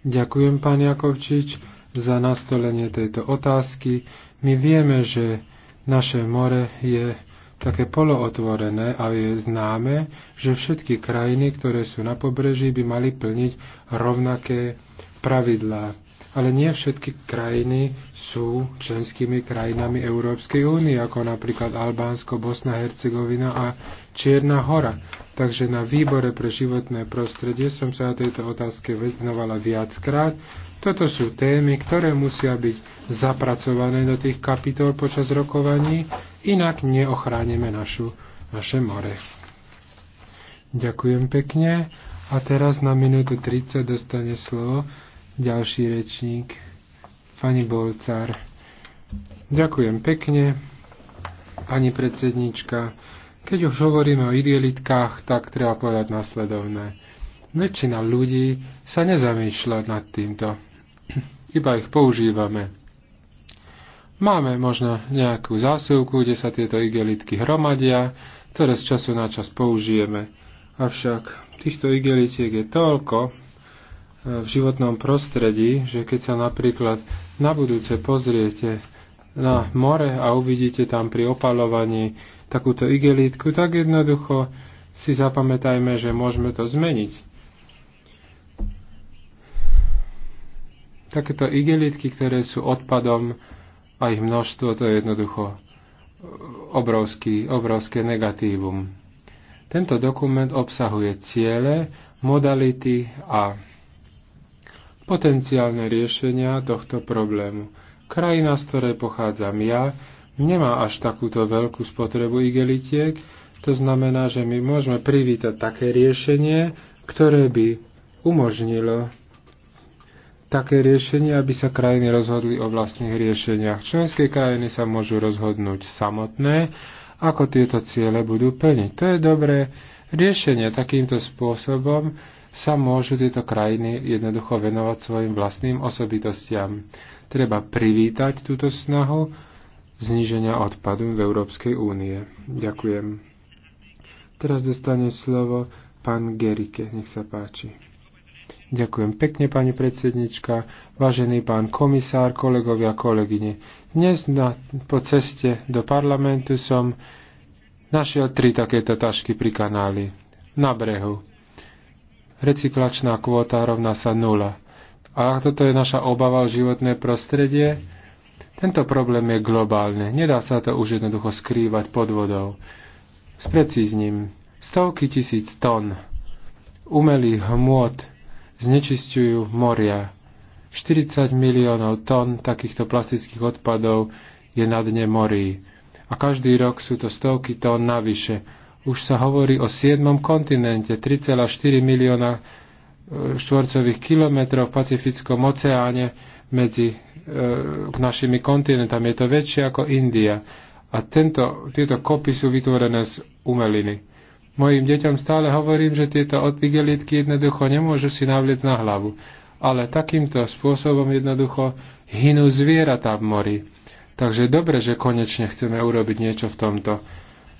Ďakujem, pán Jakovčič, za nastolenie tejto otázky. My vieme, že naše more je také polootvorené a je známe, že všetky krajiny, ktoré sú na pobreží, by mali plniť rovnaké pravidlá ale nie všetky krajiny sú členskými krajinami Európskej únie, ako napríklad Albánsko, Bosna, Hercegovina a Čierna hora. Takže na výbore pre životné prostredie som sa tejto otázke venovala viackrát. Toto sú témy, ktoré musia byť zapracované do tých kapitol počas rokovaní, inak neochránime našu, naše more. Ďakujem pekne a teraz na minútu 30 dostane slovo ďalší rečník, pani Bolcár. Ďakujem pekne, pani predsednička. Keď už hovoríme o idealitkách, tak treba povedať nasledovné. Väčšina ľudí sa nezamýšľa nad týmto. Iba ich používame. Máme možno nejakú zásuvku, kde sa tieto igelitky hromadia, ktoré z času na čas použijeme. Avšak týchto igelitiek je toľko, v životnom prostredí, že keď sa napríklad na budúce pozriete na more a uvidíte tam pri opalovaní takúto igelítku, tak jednoducho si zapamätajme, že môžeme to zmeniť. Takéto igelitky, ktoré sú odpadom a ich množstvo, to je jednoducho obrovský, obrovské negatívum. Tento dokument obsahuje ciele, modality a potenciálne riešenia tohto problému. Krajina, z ktorej pochádzam ja, nemá až takúto veľkú spotrebu igelitiek, to znamená, že my môžeme privítať také riešenie, ktoré by umožnilo také riešenie, aby sa krajiny rozhodli o vlastných riešeniach. Členské krajiny sa môžu rozhodnúť samotné, ako tieto ciele budú plniť. To je dobré riešenie takýmto spôsobom, sa môžu tieto krajiny jednoducho venovať svojim vlastným osobitostiam. Treba privítať túto snahu zníženia odpadu v Európskej únie. Ďakujem. Teraz dostane slovo pán Gerike. Nech sa páči. Ďakujem pekne, pani predsednička, vážený pán komisár, kolegovia, kolegyne. Dnes na, po ceste do parlamentu som našiel tri takéto tašky pri kanáli. Na brehu recyklačná kvóta rovná sa nula. A toto je naša obava o životné prostredie. Tento problém je globálny. Nedá sa to už jednoducho skrývať pod vodou. Sprecízním. Stovky tisíc tón umelých hmôt znečistujú moria. 40 miliónov tón takýchto plastických odpadov je na dne morí. A každý rok sú to stovky tón navyše už sa hovorí o 7. kontinente, 3,4 milióna e, štvorcových kilometrov v Pacifickom oceáne medzi e, našimi kontinentami. Je to väčšie ako India. A tento, tieto kopy sú vytvorené z umeliny. Mojim deťom stále hovorím, že tieto odigelitky jednoducho nemôžu si navliecť na hlavu. Ale takýmto spôsobom jednoducho hynú zvieratá v mori. Takže dobre, že konečne chceme urobiť niečo v tomto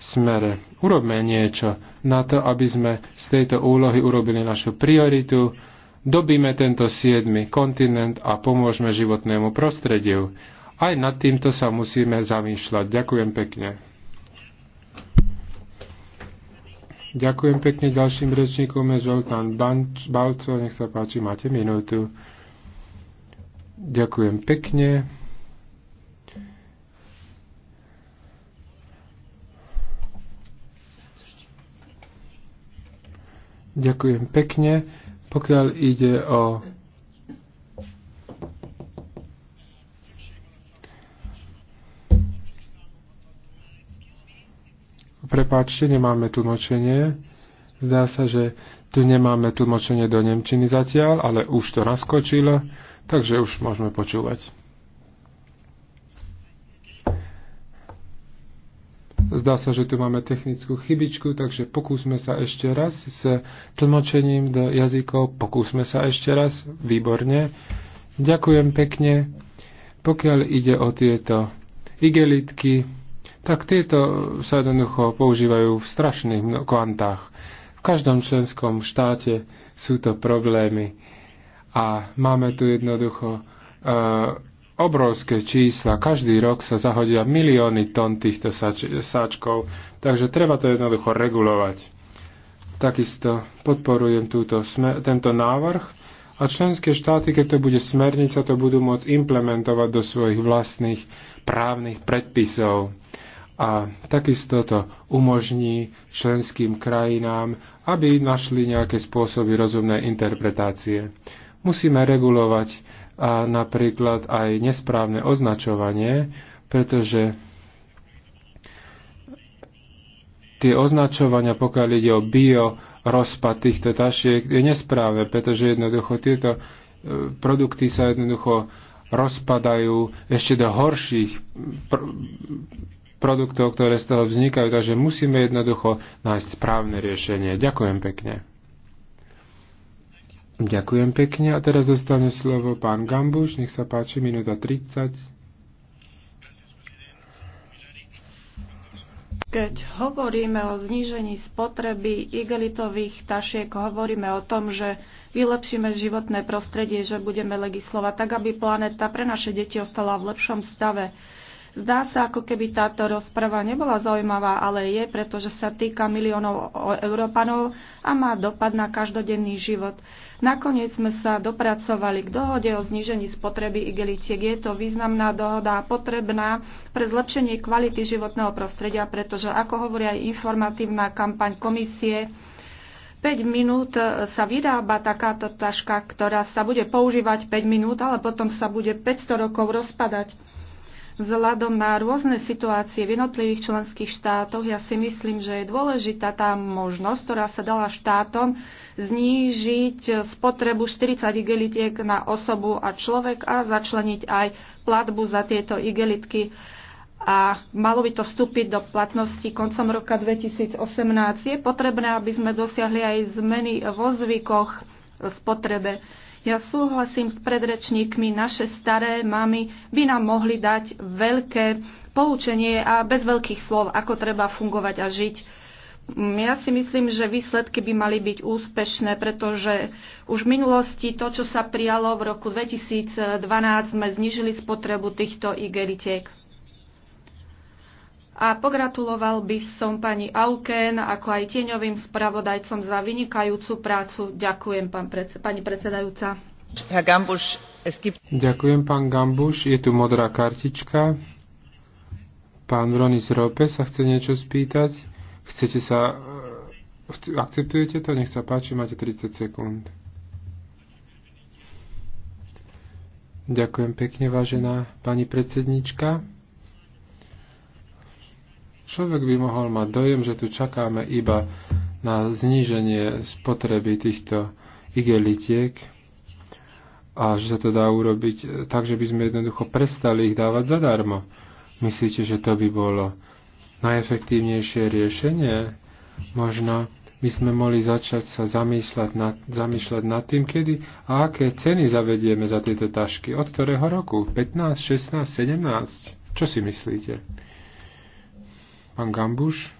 smere. Urobme niečo na to, aby sme z tejto úlohy urobili našu prioritu, dobíme tento siedmy kontinent a pomôžme životnému prostrediu. Aj nad týmto sa musíme zamýšľať. Ďakujem pekne. Ďakujem pekne ďalším rečníkom je Zoltán Balco, nech sa páči, máte minútu. Ďakujem pekne. Ďakujem pekne. Pokiaľ ide o Prepáčte, nemáme tlmočenie. Zdá sa, že tu nemáme tlmočenie do Nemčiny zatiaľ, ale už to naskočilo, takže už môžeme počúvať. Zdá sa, že tu máme technickú chybičku, takže pokúsme sa ešte raz s tlmočením do jazykov. Pokúsme sa ešte raz. Výborne. Ďakujem pekne. Pokiaľ ide o tieto igelitky, tak tieto sa jednoducho používajú v strašných kvantách. V každom členskom štáte sú to problémy a máme tu jednoducho uh, obrovské čísla. Každý rok sa zahodia milióny tón týchto sač- sáčkov, takže treba to jednoducho regulovať. Takisto podporujem túto tento návrh a členské štáty, keď to bude smernica, to budú môcť implementovať do svojich vlastných právnych predpisov. A takisto to umožní členským krajinám, aby našli nejaké spôsoby rozumnej interpretácie. Musíme regulovať a napríklad aj nesprávne označovanie, pretože tie označovania, pokiaľ ide o bio rozpad týchto tašiek, je nesprávne, pretože jednoducho tieto e, produkty sa jednoducho rozpadajú ešte do horších pr- produktov, ktoré z toho vznikajú, takže musíme jednoducho nájsť správne riešenie. Ďakujem pekne. Ďakujem pekne. A teraz zostane slovo pán Gambuš. Nech sa páči, minúta 30. Keď hovoríme o znížení spotreby igelitových tašiek, hovoríme o tom, že vylepšíme životné prostredie, že budeme legislovať tak, aby planéta pre naše deti ostala v lepšom stave. Zdá sa, ako keby táto rozprava nebola zaujímavá, ale je, pretože sa týka miliónov Európanov a má dopad na každodenný život. Nakoniec sme sa dopracovali k dohode o znížení spotreby igeličiek. Je to významná dohoda potrebná pre zlepšenie kvality životného prostredia, pretože, ako hovorí aj informatívna kampaň komisie, 5 minút e, sa vyrába takáto taška, ktorá sa bude používať 5 minút, ale potom sa bude 500 rokov rozpadať. Vzhľadom na rôzne situácie v jednotlivých členských štátoch, ja si myslím, že je dôležitá tá možnosť, ktorá sa dala štátom znížiť spotrebu 40 igelitiek na osobu a človek a začleniť aj platbu za tieto igelitky a malo by to vstúpiť do platnosti koncom roka 2018. Je potrebné, aby sme dosiahli aj zmeny vo zvykoch spotrebe. Ja súhlasím s predrečníkmi, naše staré mamy by nám mohli dať veľké poučenie a bez veľkých slov, ako treba fungovať a žiť. Mm, ja si myslím, že výsledky by mali byť úspešné, pretože už v minulosti to, čo sa prijalo v roku 2012, sme znižili spotrebu týchto igeritiek a pogratuloval by som pani Auken ako aj tieňovým spravodajcom za vynikajúcu prácu. Ďakujem, pán predse- pani predsedajúca. Ďakujem, pán Gambuš. Je tu modrá kartička. Pán Ronis Rope sa chce niečo spýtať. Chcete sa... Eh, akceptujete to? Nech sa páči, máte 30 sekúnd. Ďakujem pekne, vážená pani predsednička. Človek by mohol mať dojem, že tu čakáme iba na zníženie spotreby týchto igelitiek a že sa to dá urobiť tak, že by sme jednoducho prestali ich dávať zadarmo. Myslíte, že to by bolo najefektívnejšie riešenie? Možno by sme mohli začať sa zamýšľať nad, zamýšľať nad tým, kedy a aké ceny zavedieme za tieto tašky. Od ktorého roku? 15, 16, 17? Čo si myslíte? Pán Gambuš.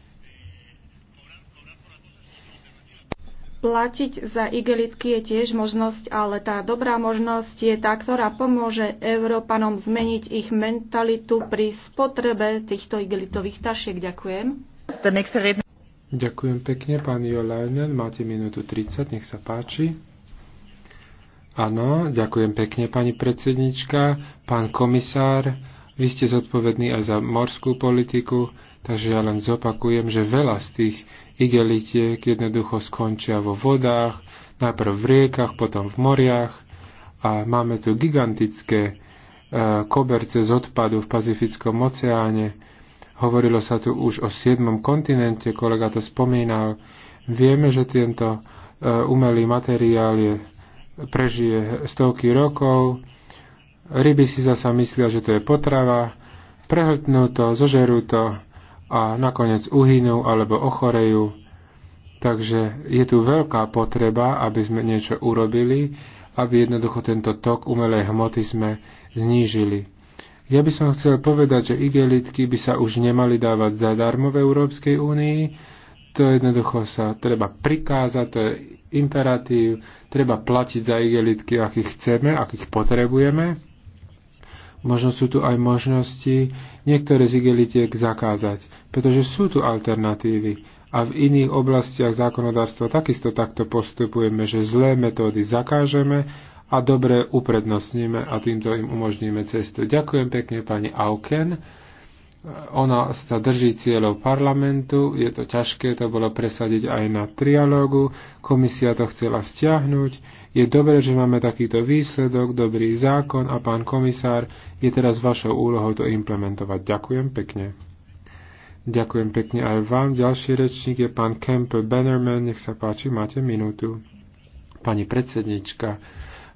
Platiť za igelitky je tiež možnosť, ale tá dobrá možnosť je tá, ktorá pomôže Európanom zmeniť ich mentalitu pri spotrebe týchto igelitových tašiek. Ďakujem. Ďakujem pekne, pán Jolajnen. Máte minútu 30, nech sa páči. Áno, ďakujem pekne, pani predsednička, pán komisár. Vy ste zodpovední aj za morskú politiku Takže ja len zopakujem, že veľa z tých igelitiek jednoducho skončia vo vodách, najprv v riekach, potom v moriach a máme tu gigantické e, koberce z odpadu v Pazifickom oceáne. Hovorilo sa tu už o 7. kontinente, kolega to spomínal. Vieme, že tento e, umelý materiál je, prežije stovky rokov. Ryby si zasa myslia, že to je potrava. Prehltnú to, zožerú to a nakoniec uhynú alebo ochorejú. Takže je tu veľká potreba, aby sme niečo urobili, aby jednoducho tento tok umelej hmoty sme znížili. Ja by som chcel povedať, že igelitky by sa už nemali dávať zadarmo v Európskej únii. To jednoducho sa treba prikázať, to je imperatív, treba platiť za igelitky, akých chceme, akých potrebujeme. Možno sú tu aj možnosti niektoré z igelitiek zakázať pretože sú tu alternatívy. A v iných oblastiach zákonodárstva takisto takto postupujeme, že zlé metódy zakážeme a dobré uprednostníme a týmto im umožníme cestu. Ďakujem pekne pani Auken. Ona sa drží cieľov parlamentu, je to ťažké, to bolo presadiť aj na trialógu, komisia to chcela stiahnuť. Je dobré, že máme takýto výsledok, dobrý zákon a pán komisár je teraz vašou úlohou to implementovať. Ďakujem pekne. Ďakujem pekne aj vám. Ďalší rečník je pán Kemp Bannerman. Nech sa páči, máte minútu. Pani predsednička,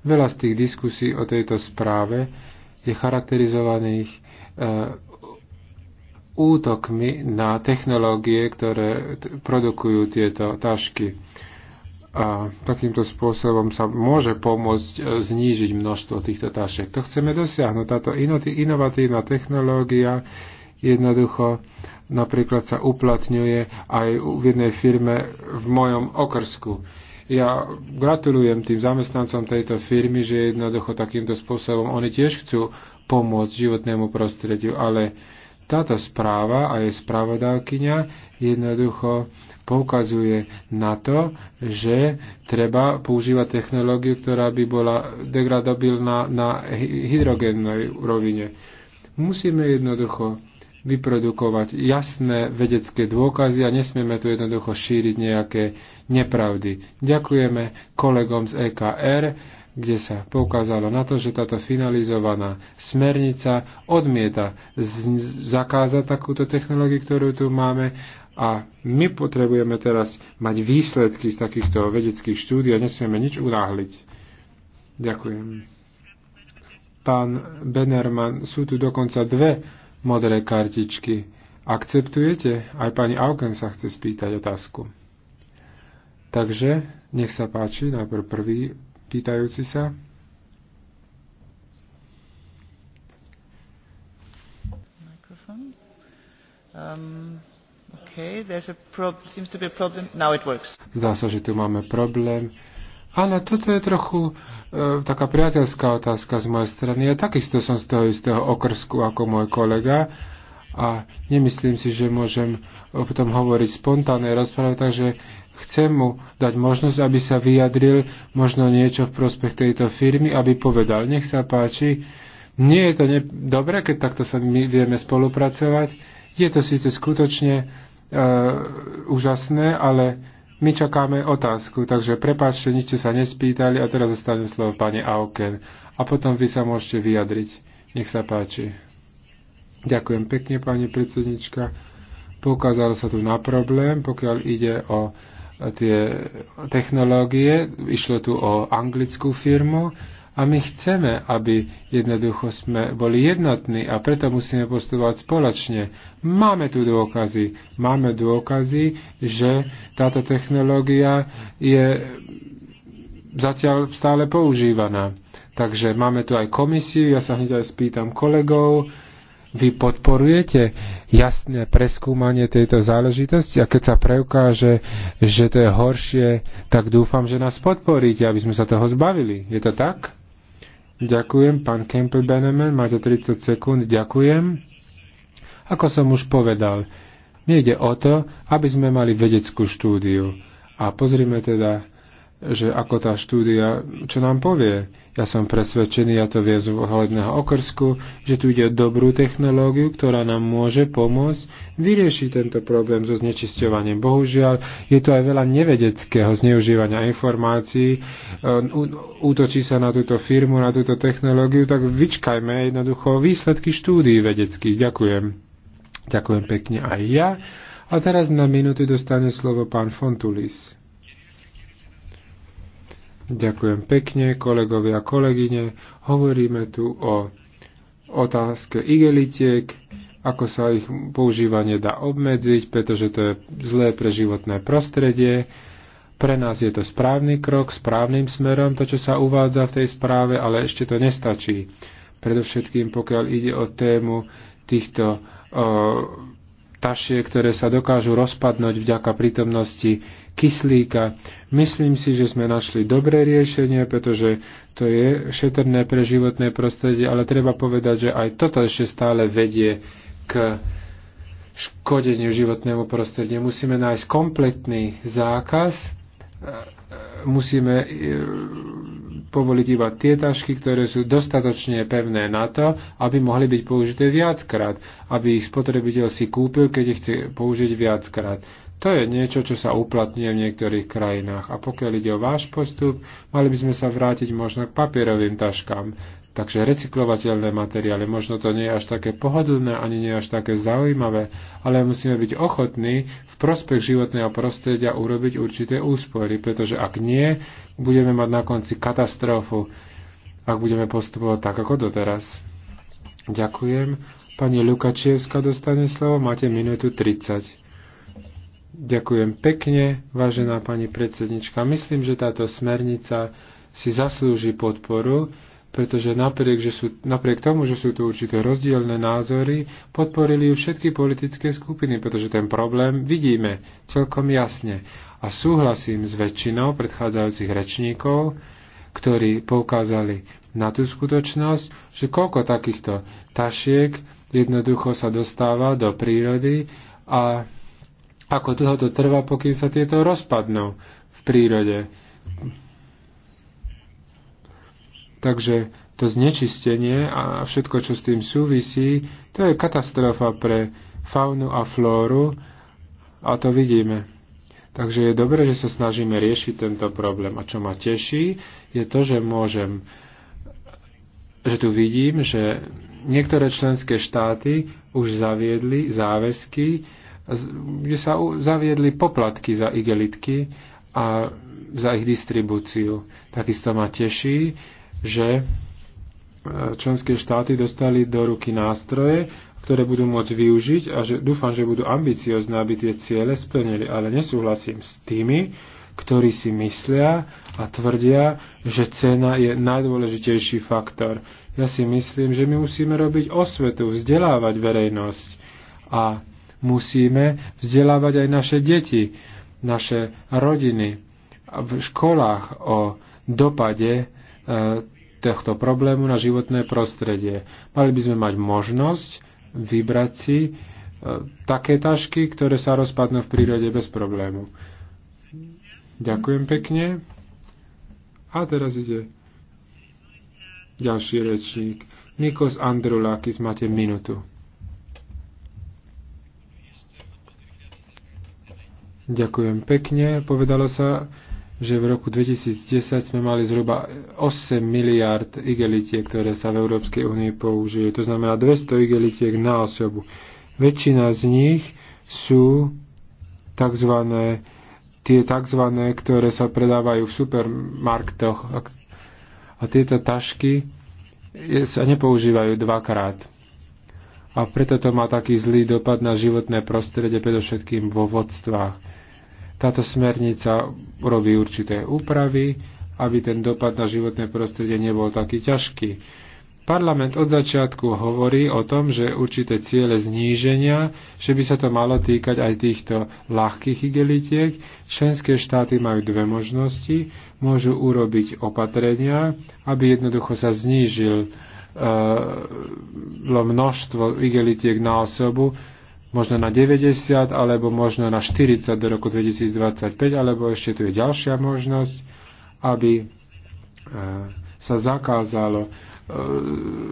veľa z tých diskusí o tejto správe je charakterizovaných e, útokmi na technológie, ktoré produkujú tieto tašky. A takýmto spôsobom sa môže pomôcť eh, znížiť množstvo týchto tašiek. To chceme dosiahnuť. Táto inovatívna technológia jednoducho napríklad sa uplatňuje aj v jednej firme v mojom okrsku. Ja gratulujem tým zamestnancom tejto firmy, že jednoducho takýmto spôsobom oni tiež chcú pomôcť životnému prostrediu, ale táto správa a jej správodávkyňa jednoducho poukazuje na to, že treba používať technológiu, ktorá by bola degradabilná na hydrogénnej rovine. Musíme jednoducho vyprodukovať jasné vedecké dôkazy a nesmieme tu jednoducho šíriť nejaké nepravdy. Ďakujeme kolegom z EKR, kde sa poukázalo na to, že táto finalizovaná smernica odmieta zakázať takúto technológiu, ktorú tu máme a my potrebujeme teraz mať výsledky z takýchto vedeckých štúdí a nesmieme nič unáhliť. Ďakujem. Pán Benerman, sú tu dokonca dve modré kartičky. Akceptujete? Aj pani Auken sa chce spýtať otázku. Takže, nech sa páči, najprv prvý pýtajúci sa. Um, Zdá sa, že tu máme problém. Ale toto je trochu e, taká priateľská otázka z mojej strany. Ja takisto som z toho istého okrsku ako môj kolega a nemyslím si, že môžem o tom hovoriť spontánnej rozprave, takže chcem mu dať možnosť, aby sa vyjadril možno niečo v prospech tejto firmy, aby povedal, nech sa páči, nie je to ne- dobre, keď takto sa my vieme spolupracovať, je to síce skutočne e, úžasné, ale my čakáme otázku, takže prepáčte, nič ste sa nespýtali a teraz zostane slovo pani Auken a potom vy sa môžete vyjadriť. Nech sa páči. Ďakujem pekne, pani predsednička. Poukázalo sa tu na problém, pokiaľ ide o tie technológie. Išlo tu o anglickú firmu a my chceme, aby jednoducho sme boli jednotní a preto musíme postupovať spoločne. Máme tu dôkazy. Máme dôkazy, že táto technológia je zatiaľ stále používaná. Takže máme tu aj komisiu, ja sa hneď aj spýtam kolegov, vy podporujete jasné preskúmanie tejto záležitosti a keď sa preukáže, že to je horšie, tak dúfam, že nás podporíte, aby sme sa toho zbavili. Je to tak? Ďakujem, pán Campbell máte 30 sekúnd, ďakujem. Ako som už povedal, nejde o to, aby sme mali vedeckú štúdiu. A pozrime teda že ako tá štúdia, čo nám povie. Ja som presvedčený, ja to viem z ohľadného okrsku, že tu ide o dobrú technológiu, ktorá nám môže pomôcť vyriešiť tento problém so znečisťovaním. Bohužiaľ, je tu aj veľa nevedeckého zneužívania informácií. Ehm, útočí sa na túto firmu, na túto technológiu, tak vyčkajme jednoducho výsledky štúdií vedeckých. Ďakujem. Ďakujem pekne aj ja. A teraz na minúty dostane slovo pán Fontulis. Ďakujem pekne, kolegovia a kolegyne. Hovoríme tu o otázke igelitiek, ako sa ich používanie dá obmedziť, pretože to je zlé pre životné prostredie. Pre nás je to správny krok, správnym smerom, to, čo sa uvádza v tej správe, ale ešte to nestačí. Predovšetkým, pokiaľ ide o tému týchto uh, tašie, ktoré sa dokážu rozpadnúť vďaka prítomnosti kyslíka. Myslím si, že sme našli dobré riešenie, pretože to je šetrné pre životné prostredie, ale treba povedať, že aj toto ešte stále vedie k škodeniu životnému prostrediu. Musíme nájsť kompletný zákaz musíme e, povoliť iba tie tašky, ktoré sú dostatočne pevné na to, aby mohli byť použité viackrát, aby ich spotrebiteľ si kúpil, keď ich chce použiť viackrát. To je niečo, čo sa uplatňuje v niektorých krajinách. A pokiaľ ide o váš postup, mali by sme sa vrátiť možno k papierovým taškám. Takže recyklovateľné materiály, možno to nie je až také pohodlné, ani nie je až také zaujímavé, ale musíme byť ochotní v prospech životného prostredia urobiť určité úspory, pretože ak nie, budeme mať na konci katastrofu, ak budeme postupovať tak ako doteraz. Ďakujem. Pani Lukačievska dostane slovo, máte minútu 30. Ďakujem pekne, vážená pani predsednička. Myslím, že táto smernica si zaslúži podporu pretože napriek, že sú, napriek tomu, že sú tu určité rozdielne názory, podporili ju všetky politické skupiny, pretože ten problém vidíme celkom jasne. A súhlasím s väčšinou predchádzajúcich rečníkov, ktorí poukázali na tú skutočnosť, že koľko takýchto tašiek jednoducho sa dostáva do prírody a ako dlho to trvá, pokým sa tieto rozpadnú v prírode Takže to znečistenie a všetko, čo s tým súvisí, to je katastrofa pre faunu a flóru a to vidíme. Takže je dobré, že sa snažíme riešiť tento problém. A čo ma teší, je to, že môžem, že tu vidím, že niektoré členské štáty už zaviedli záväzky, kde sa zaviedli poplatky za igelitky a za ich distribúciu. Takisto ma teší, že e, členské štáty dostali do ruky nástroje, ktoré budú môcť využiť a že dúfam, že budú ambiciozne, aby tie ciele splnili. Ale nesúhlasím s tými, ktorí si myslia a tvrdia, že cena je najdôležitejší faktor. Ja si myslím, že my musíme robiť osvetu, vzdelávať verejnosť a musíme vzdelávať aj naše deti, naše rodiny v školách o dopade e, tohto problému na životné prostredie. Mali by sme mať možnosť vybrať si e, také tašky, ktoré sa rozpadnú v prírode bez problému. Ďakujem pekne. A teraz ide ďalší rečník. Nikos Andrulakis, máte minutu. Ďakujem pekne. Povedalo sa, že v roku 2010 sme mali zhruba 8 miliard igelitiek, ktoré sa v Európskej únii použili. To znamená 200 igelitiek na osobu. Väčšina z nich sú tzv. tie tzv. ktoré sa predávajú v supermarktoch. A tieto tašky sa nepoužívajú dvakrát. A preto to má taký zlý dopad na životné prostredie, predovšetkým vo vodstvách táto smernica robí určité úpravy, aby ten dopad na životné prostredie nebol taký ťažký. Parlament od začiatku hovorí o tom, že určité ciele zníženia, že by sa to malo týkať aj týchto ľahkých igelitiek. Členské štáty majú dve možnosti. Môžu urobiť opatrenia, aby jednoducho sa znížil eh, množstvo igelitiek na osobu možno na 90 alebo možno na 40 do roku 2025, alebo ešte tu je ďalšia možnosť, aby e, sa zakázalo e,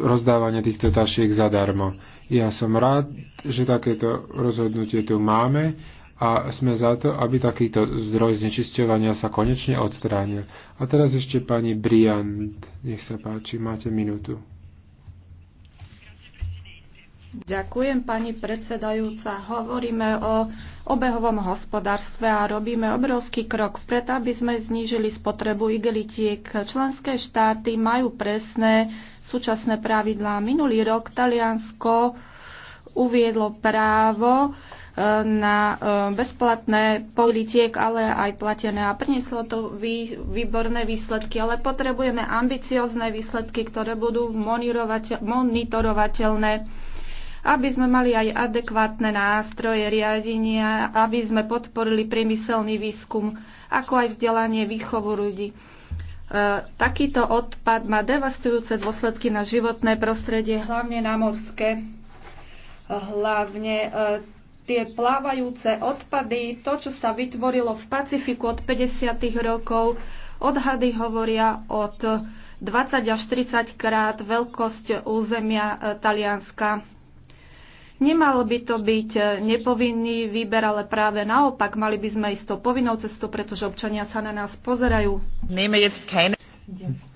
rozdávanie týchto tašiek zadarmo. Ja som rád, že takéto rozhodnutie tu máme a sme za to, aby takýto zdroj znečisťovania sa konečne odstránil. A teraz ešte pani Briand, nech sa páči, máte minútu. Ďakujem, pani predsedajúca. Hovoríme o obehovom hospodárstve a robíme obrovský krok vpred, aby sme znížili spotrebu igelitiek. Členské štáty majú presné súčasné pravidlá. Minulý rok Taliansko uviedlo právo e, na e, bezplatné politiek, ale aj platené. A prinieslo to vý, výborné výsledky, ale potrebujeme ambiciozne výsledky, ktoré budú monitorovateľné aby sme mali aj adekvátne nástroje riadenia, aby sme podporili priemyselný výskum, ako aj vzdelanie výchovu ľudí. E, takýto odpad má devastujúce dôsledky na životné prostredie, hlavne na morské. Hlavne e, tie plávajúce odpady, to, čo sa vytvorilo v Pacifiku od 50. rokov, odhady hovoria od 20 až 30 krát veľkosť územia e, Talianska. Nemal by to byť e, nepovinný výber, ale práve naopak, mali by sme ísť to povinnou cestou, pretože občania sa na nás pozerajú.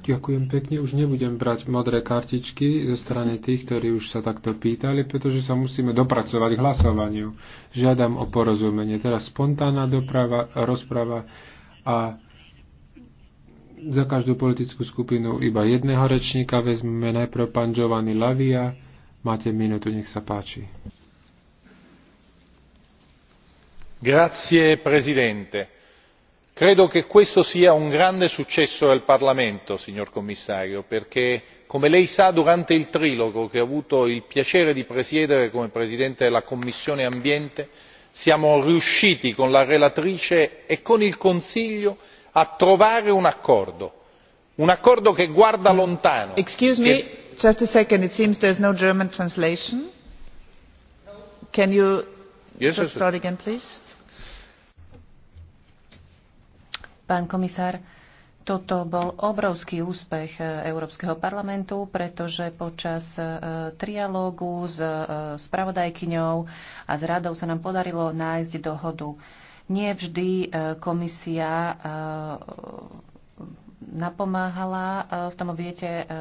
Ďakujem pekne, už nebudem brať modré kartičky zo strany tých, ktorí už sa takto pýtali, pretože sa musíme dopracovať k hlasovaniu. Žiadam o porozumenie. Teraz spontánna doprava, rozprava a za každú politickú skupinu iba jedného rečníka vezmeme najprv pán Giovanni Lavia, Máte minútu, nech sa páči. Grazie, presidente. Credo che questo sia un grande successo del Parlamento, signor Commissario, perché, come lei sa, durante il trilogo che ho avuto il piacere di presiedere come Presidente della Commissione Ambiente, siamo riusciti con la relatrice e con il Consiglio a trovare un accordo. Un accordo che guarda lontano. Excuse me, just a second it seems there is no german translation can you start again please pán komisár toto bol obrovský úspech eh, Európskeho parlamentu, pretože počas eh, trialógu s eh, spravodajkyňou a s radou sa nám podarilo nájsť dohodu. Nie vždy komisia napomáhala e, v tom viete e, e,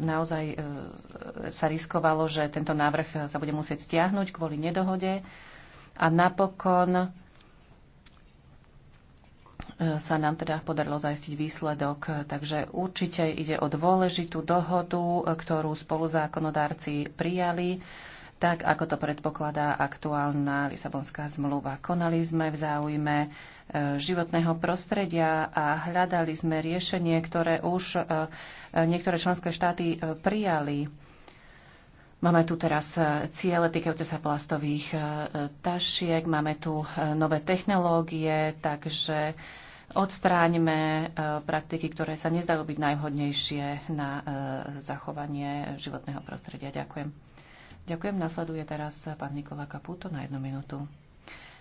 Naozaj sa riskovalo, že tento návrh sa bude musieť stiahnuť kvôli nedohode. A napokon sa nám teda podarilo zaistiť výsledok. Takže určite ide o dôležitú dohodu, ktorú spoluzákonodárci prijali tak ako to predpokladá aktuálna Lisabonská zmluva. Konali sme v záujme e, životného prostredia a hľadali sme riešenie, ktoré už e, e, niektoré členské štáty prijali. Máme tu teraz cieľe týkajúce sa plastových tašiek, máme tu nové technológie, takže odstráňme praktiky, ktoré sa nezdajú byť najvhodnejšie na zachovanie životného prostredia. Ďakujem. Ďakujem. Nasleduje teraz pán Nikola Kaputo na jednu minútu.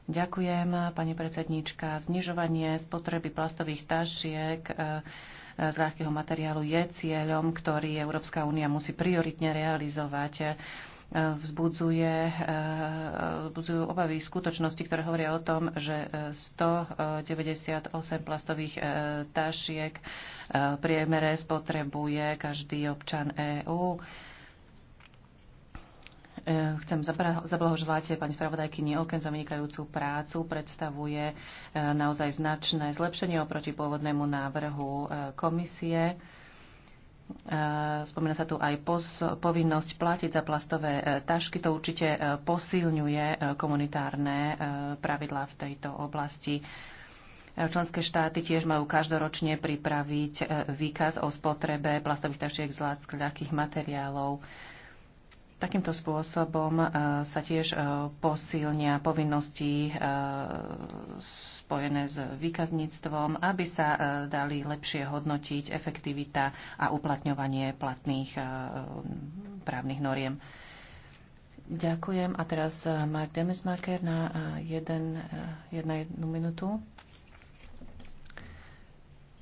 Ďakujem, pani predsedníčka. Znižovanie spotreby plastových tašiek e, e, z ľahkého materiálu je cieľom, ktorý Európska únia musí prioritne realizovať e, vzbudzuje, vzbudzujú obavy skutočnosti, ktoré hovoria o tom, že 198 plastových tašiek priemere spotrebuje každý občan EÚ. E, chcem zablahoželať pani spravodajkyni Oken za vynikajúcu prácu. Predstavuje e, naozaj značné zlepšenie oproti pôvodnému návrhu e, komisie. Spomína sa tu aj povinnosť platiť za plastové tašky. To určite posilňuje komunitárne pravidlá v tejto oblasti. Členské štáty tiež majú každoročne pripraviť výkaz o spotrebe plastových tašiek z ľahkých materiálov. Takýmto spôsobom e, sa tiež e, posilnia povinnosti e, spojené s výkazníctvom, aby sa dali lepšie hodnotiť efektivita a uplatňovanie platných právnych noriem. Ďakujem. A teraz Mark Demesmaker na jeden, jedna, jednu minútu.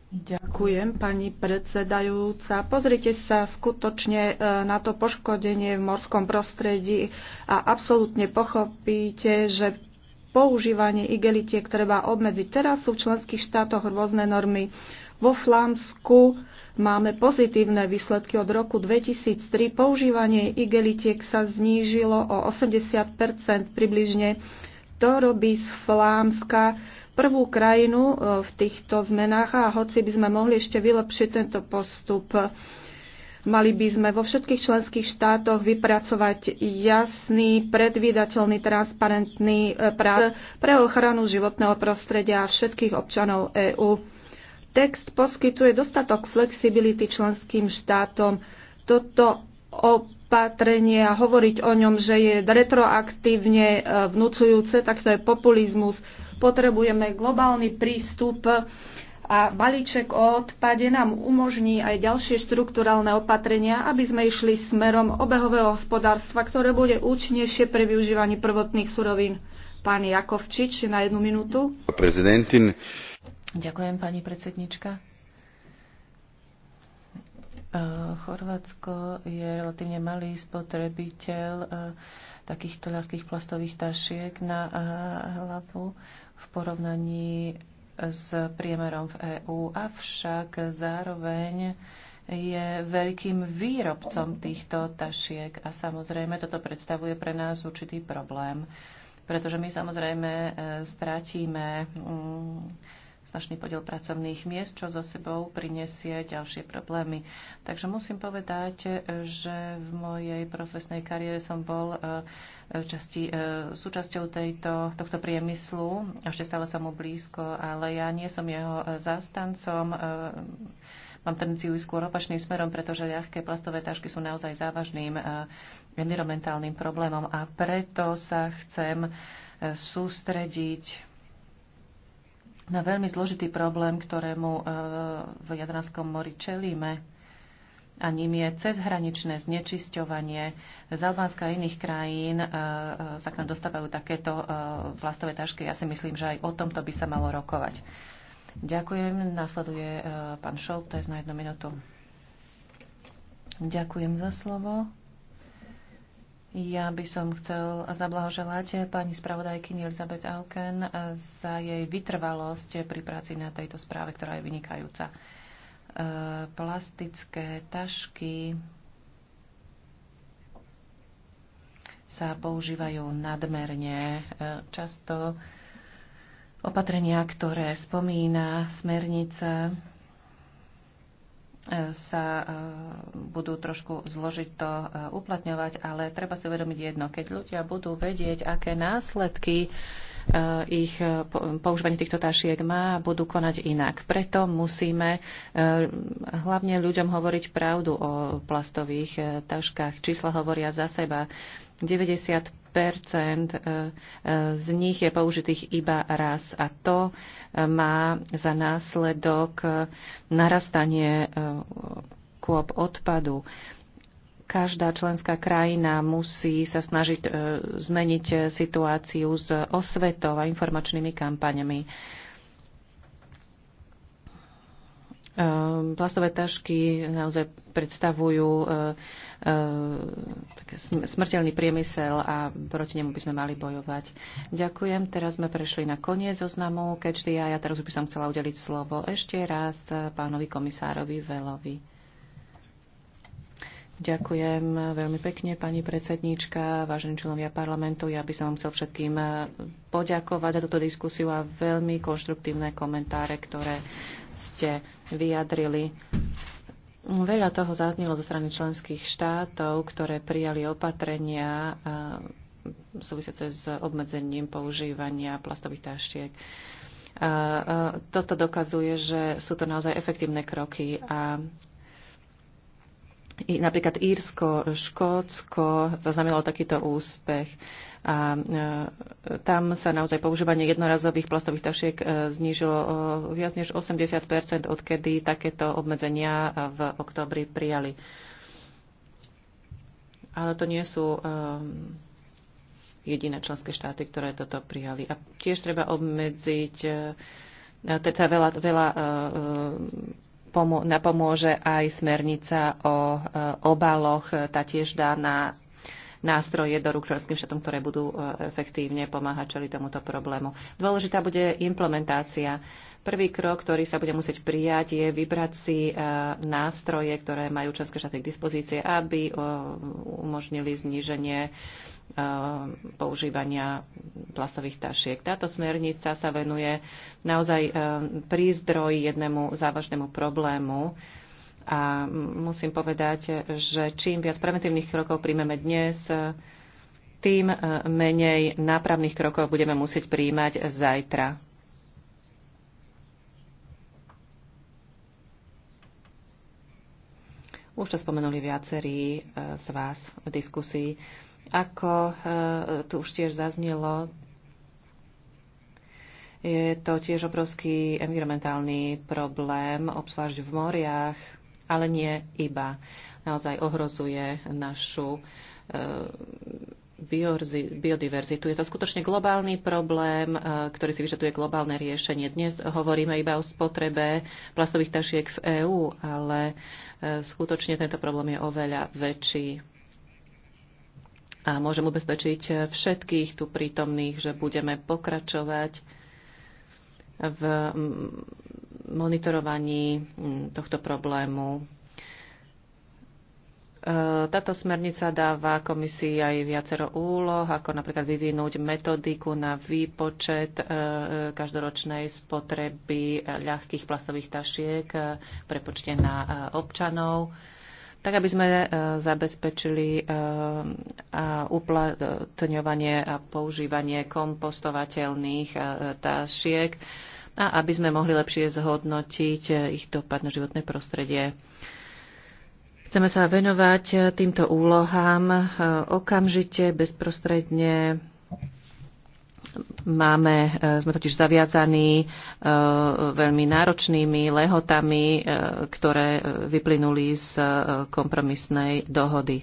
Ďakujem, pani predsedajúca. Pozrite sa skutočne e, na to poškodenie v morskom prostredí a absolútne pochopíte, že používanie igelitiek treba obmedziť. Teraz sú v členských štátoch rôzne normy. Vo Flámsku máme pozitívne výsledky od roku 2003. Používanie igelitiek sa znížilo o 80 približne. To robí z Flámska prvú krajinu e, v týchto zmenách a hoci by sme mohli ešte vylepšiť tento postup, mali by sme vo všetkých členských štátoch vypracovať jasný, predvídateľný, transparentný e, práv pre ochranu životného prostredia všetkých občanov EÚ. Text poskytuje dostatok flexibility členským štátom. Toto opatrenie a hovoriť o ňom, že je retroaktívne e, vnúcujúce, tak to je populizmus Potrebujeme globálny prístup a balíček o odpade nám umožní aj ďalšie štrukturálne opatrenia, aby sme išli smerom obehového hospodárstva, ktoré bude účinnejšie pri využívaní prvotných surovín. Pán Jakovčič, na jednu minútu. Prezidentin. Ďakujem, pani predsednička. E, Chorvátsko je relatívne malý spotrebiteľ e, takýchto ľahkých plastových tašiek na e, hlavu v porovnaní s priemerom v EÚ, avšak zároveň je veľkým výrobcom týchto tašiek a samozrejme toto predstavuje pre nás určitý problém, pretože my samozrejme eh, stratíme mm, značný podiel pracovných miest, čo so sebou prinesie ďalšie problémy. Takže musím povedať, že v mojej profesnej kariére som bol e, časti, e, súčasťou tejto, tohto priemyslu. Ešte stále som mu blízko, ale ja nie som jeho e, zástancom. Mám tendenciu ísť skôr opačným smerom, pretože ľahké plastové tašky sú naozaj závažným environmentálnym problémom a preto sa chcem sústrediť na veľmi zložitý problém, ktorému e, v Jadranskom mori čelíme a ním je cezhraničné znečisťovanie. Z Albánska a iných krajín e, e, sa k nám dostávajú takéto vlastové tašky. Ja si myslím, že aj o tomto by sa malo rokovať. Ďakujem. Nasleduje pán Šoltes na jednu minútu. Ďakujem za slovo. Ja by som chcel zablahoželať pani spravodajkyni Elizabeth Auken za jej vytrvalosť pri práci na tejto správe, ktorá je vynikajúca. E, plastické tašky sa používajú nadmerne. E, často opatrenia, ktoré spomína smernica, sa e, budú trošku zložiť to e, uplatňovať, ale treba si uvedomiť jedno. Keď ľudia budú vedieť, aké následky e, ich používanie týchto tašiek má, budú konať inak. Preto musíme hlavne ľuďom hovoriť pravdu o plastových taškách. Čísla hovoria za seba. 90 e, e, z nich je použitých iba raz a to e, má za následok narastanie kôp odpadu. Každá členská krajina musí sa snažiť zmeniť situáciu s osvetou a informačnými kampaňami. Plastové tašky naozaj predstavujú E, smrteľný priemysel a proti nemu by sme mali bojovať. Ďakujem. Teraz sme prešli na koniec zoznamu Catch a ja teraz by som chcela udeliť slovo ešte raz pánovi komisárovi Velovi. Ďakujem veľmi pekne, pani predsedníčka, vážení členovia parlamentu. Ja by som vám chcel všetkým e, poďakovať za túto diskusiu a veľmi konštruktívne komentáre, ktoré ste vyjadrili. Veľa toho zaznelo zo strany členských štátov, ktoré prijali opatrenia súvisiace s obmedzením používania plastových taštiek. Toto dokazuje, že sú to naozaj efektívne kroky a napríklad Írsko, Škótsko zaznamenalo takýto úspech. A e, tam sa naozaj používanie jednorazových plastových tašiek e, znížilo o e, viac než 80 odkedy takéto obmedzenia v oktobri prijali. Ale to nie sú jediné členské štáty, ktoré toto prijali. A tiež treba obmedziť teda veľa, veľa napomôže aj smernica o e, obaloch, tá tiež dá na nástroje do rúk členským štátom, ktoré budú e, efektívne pomáhať čeli tomuto problému. Dôležitá bude implementácia. Prvý krok, ktorý sa bude musieť prijať, je vybrať si e, nástroje, ktoré majú členské štáty k dispozície, aby e, umožnili zníženie používania plastových tašiek. Táto smernica sa venuje naozaj prízdroj jednému závažnému problému, a musím povedať, že čím viac preventívnych krokov príjmeme dnes, tým e, menej nápravných krokov budeme musieť príjmať zajtra. Už to spomenuli viacerí e, z vás v diskusii. Ako e, tu už tiež zaznelo, je to tiež obrovský environmentálny problém, obzvlášť v moriach, ale nie iba. Naozaj ohrozuje našu eh, biodiverzitu. Je to skutočne globálny problém, eh, ktorý si vyžaduje globálne riešenie. Dnes hovoríme iba o spotrebe plastových tašiek v EÚ, ale eh, skutočne tento problém je oveľa väčší. A môžem ubezpečiť všetkých tu prítomných, že budeme pokračovať v monitorovaní mm, tohto problému. E, táto smernica dáva komisii aj viacero úloh, ako napríklad vyvinúť metodiku na výpočet e, každoročnej spotreby e, ľahkých plastových tašiek prepočte na občanov tak aby sme zabezpečili uplatňovanie a používanie kompostovateľných tašiek a aby sme mohli lepšie zhodnotiť eh, ich dopad na životné prostredie. Chceme sa venovať eh, týmto úlohám eh, okamžite, bezprostredne. Máme, sme totiž zaviazaní veľmi náročnými lehotami, ktoré vyplynuli z kompromisnej dohody.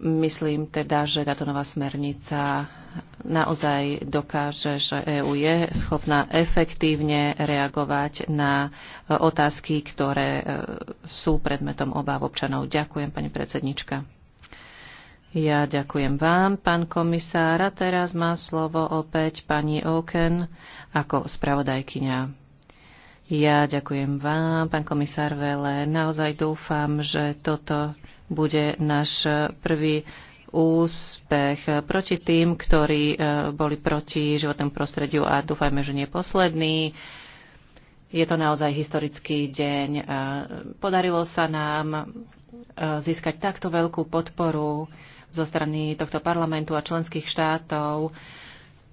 Myslím teda, že táto nová smernica naozaj dokáže, že EÚ je schopná efektívne reagovať na e, otázky, ktoré e, sú predmetom obáv občanov. Ďakujem, pani predsednička. Ja ďakujem vám, pán komisár. A teraz má slovo opäť pani Oken ako spravodajkyňa. Ja ďakujem vám, pán komisár Vele. Naozaj dúfam, že toto bude náš prvý úspech proti tým, ktorí e, boli proti životnému prostrediu a dúfajme, že nie posledný. Je to naozaj historický deň. E, podarilo sa nám e, získať takto veľkú podporu zo strany tohto parlamentu a členských štátov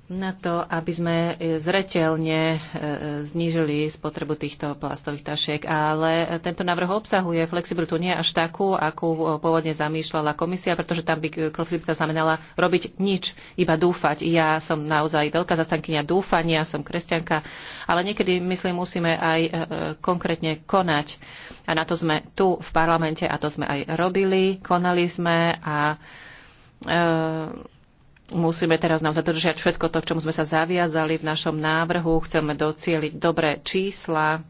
na to, aby sme e, zreteľne e, znížili spotrebu týchto plastových tašiek. Ale e, tento návrh obsahuje flexibilitu nie až takú, akú pôvodne zamýšľala komisia, pretože tam by flexibilita znamenala robiť nič, iba dúfať. Ja som naozaj veľká zastankyňa dúfania, som kresťanka, ale niekedy, myslím, musíme aj konkrétne konať. A na to sme tu v parlamente a to sme aj robili, konali sme a e, musíme teraz naozaj dodržiať všetko to, k čomu sme sa zaviazali v našom návrhu. Chceme docieliť dobré čísla.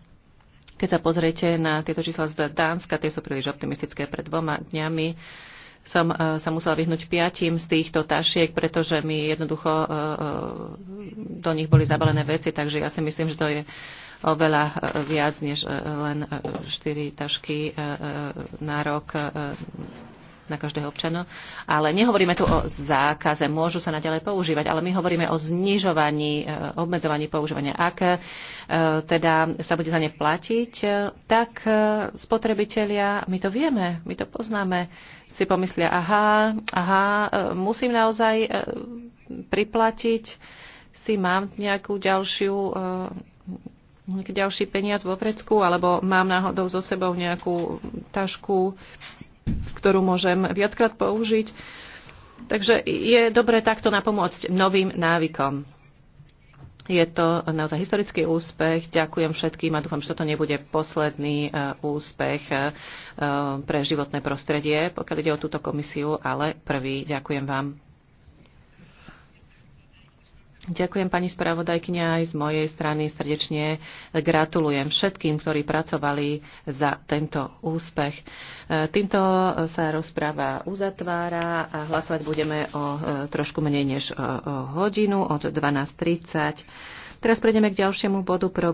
Keď sa pozriete na tieto čísla z Dánska, tie sú príliš optimistické pred dvoma dňami, som e, sa musela vyhnúť piatim z týchto tašiek, pretože mi jednoducho e, e, do nich boli zabalené veci, takže ja si myslím, že to je oveľa viac než len štyri tašky na rok na každého občana. Ale nehovoríme tu o zákaze, môžu sa naďalej používať, ale my hovoríme o znižovaní, e, obmedzovaní používania. Ak e, teda sa bude za ne platiť, e, tak spotrebitelia, my to vieme, my to poznáme, si pomyslia, aha, aha, musím naozaj priplatiť, si mám nejakú ďalšiu nejaký ďalší peniaz vo vrecku, alebo mám náhodou so sebou nejakú tašku ktorú môžem viackrát použiť. Takže je dobré takto napomôcť novým návykom. Je to naozaj historický úspech. Ďakujem všetkým a dúfam, že toto nebude posledný e, úspech e, pre životné prostredie, pokiaľ ide o túto komisiu, ale prvý. Ďakujem vám. Ďakujem pani spravodajkňa aj z mojej strany. Srdečne gratulujem všetkým, ktorí pracovali za tento úspech. E, týmto sa rozpráva uzatvára a hlasovať budeme o e, trošku menej než e, o hodinu od 12.30. Teraz prejdeme k ďalšiemu bodu pro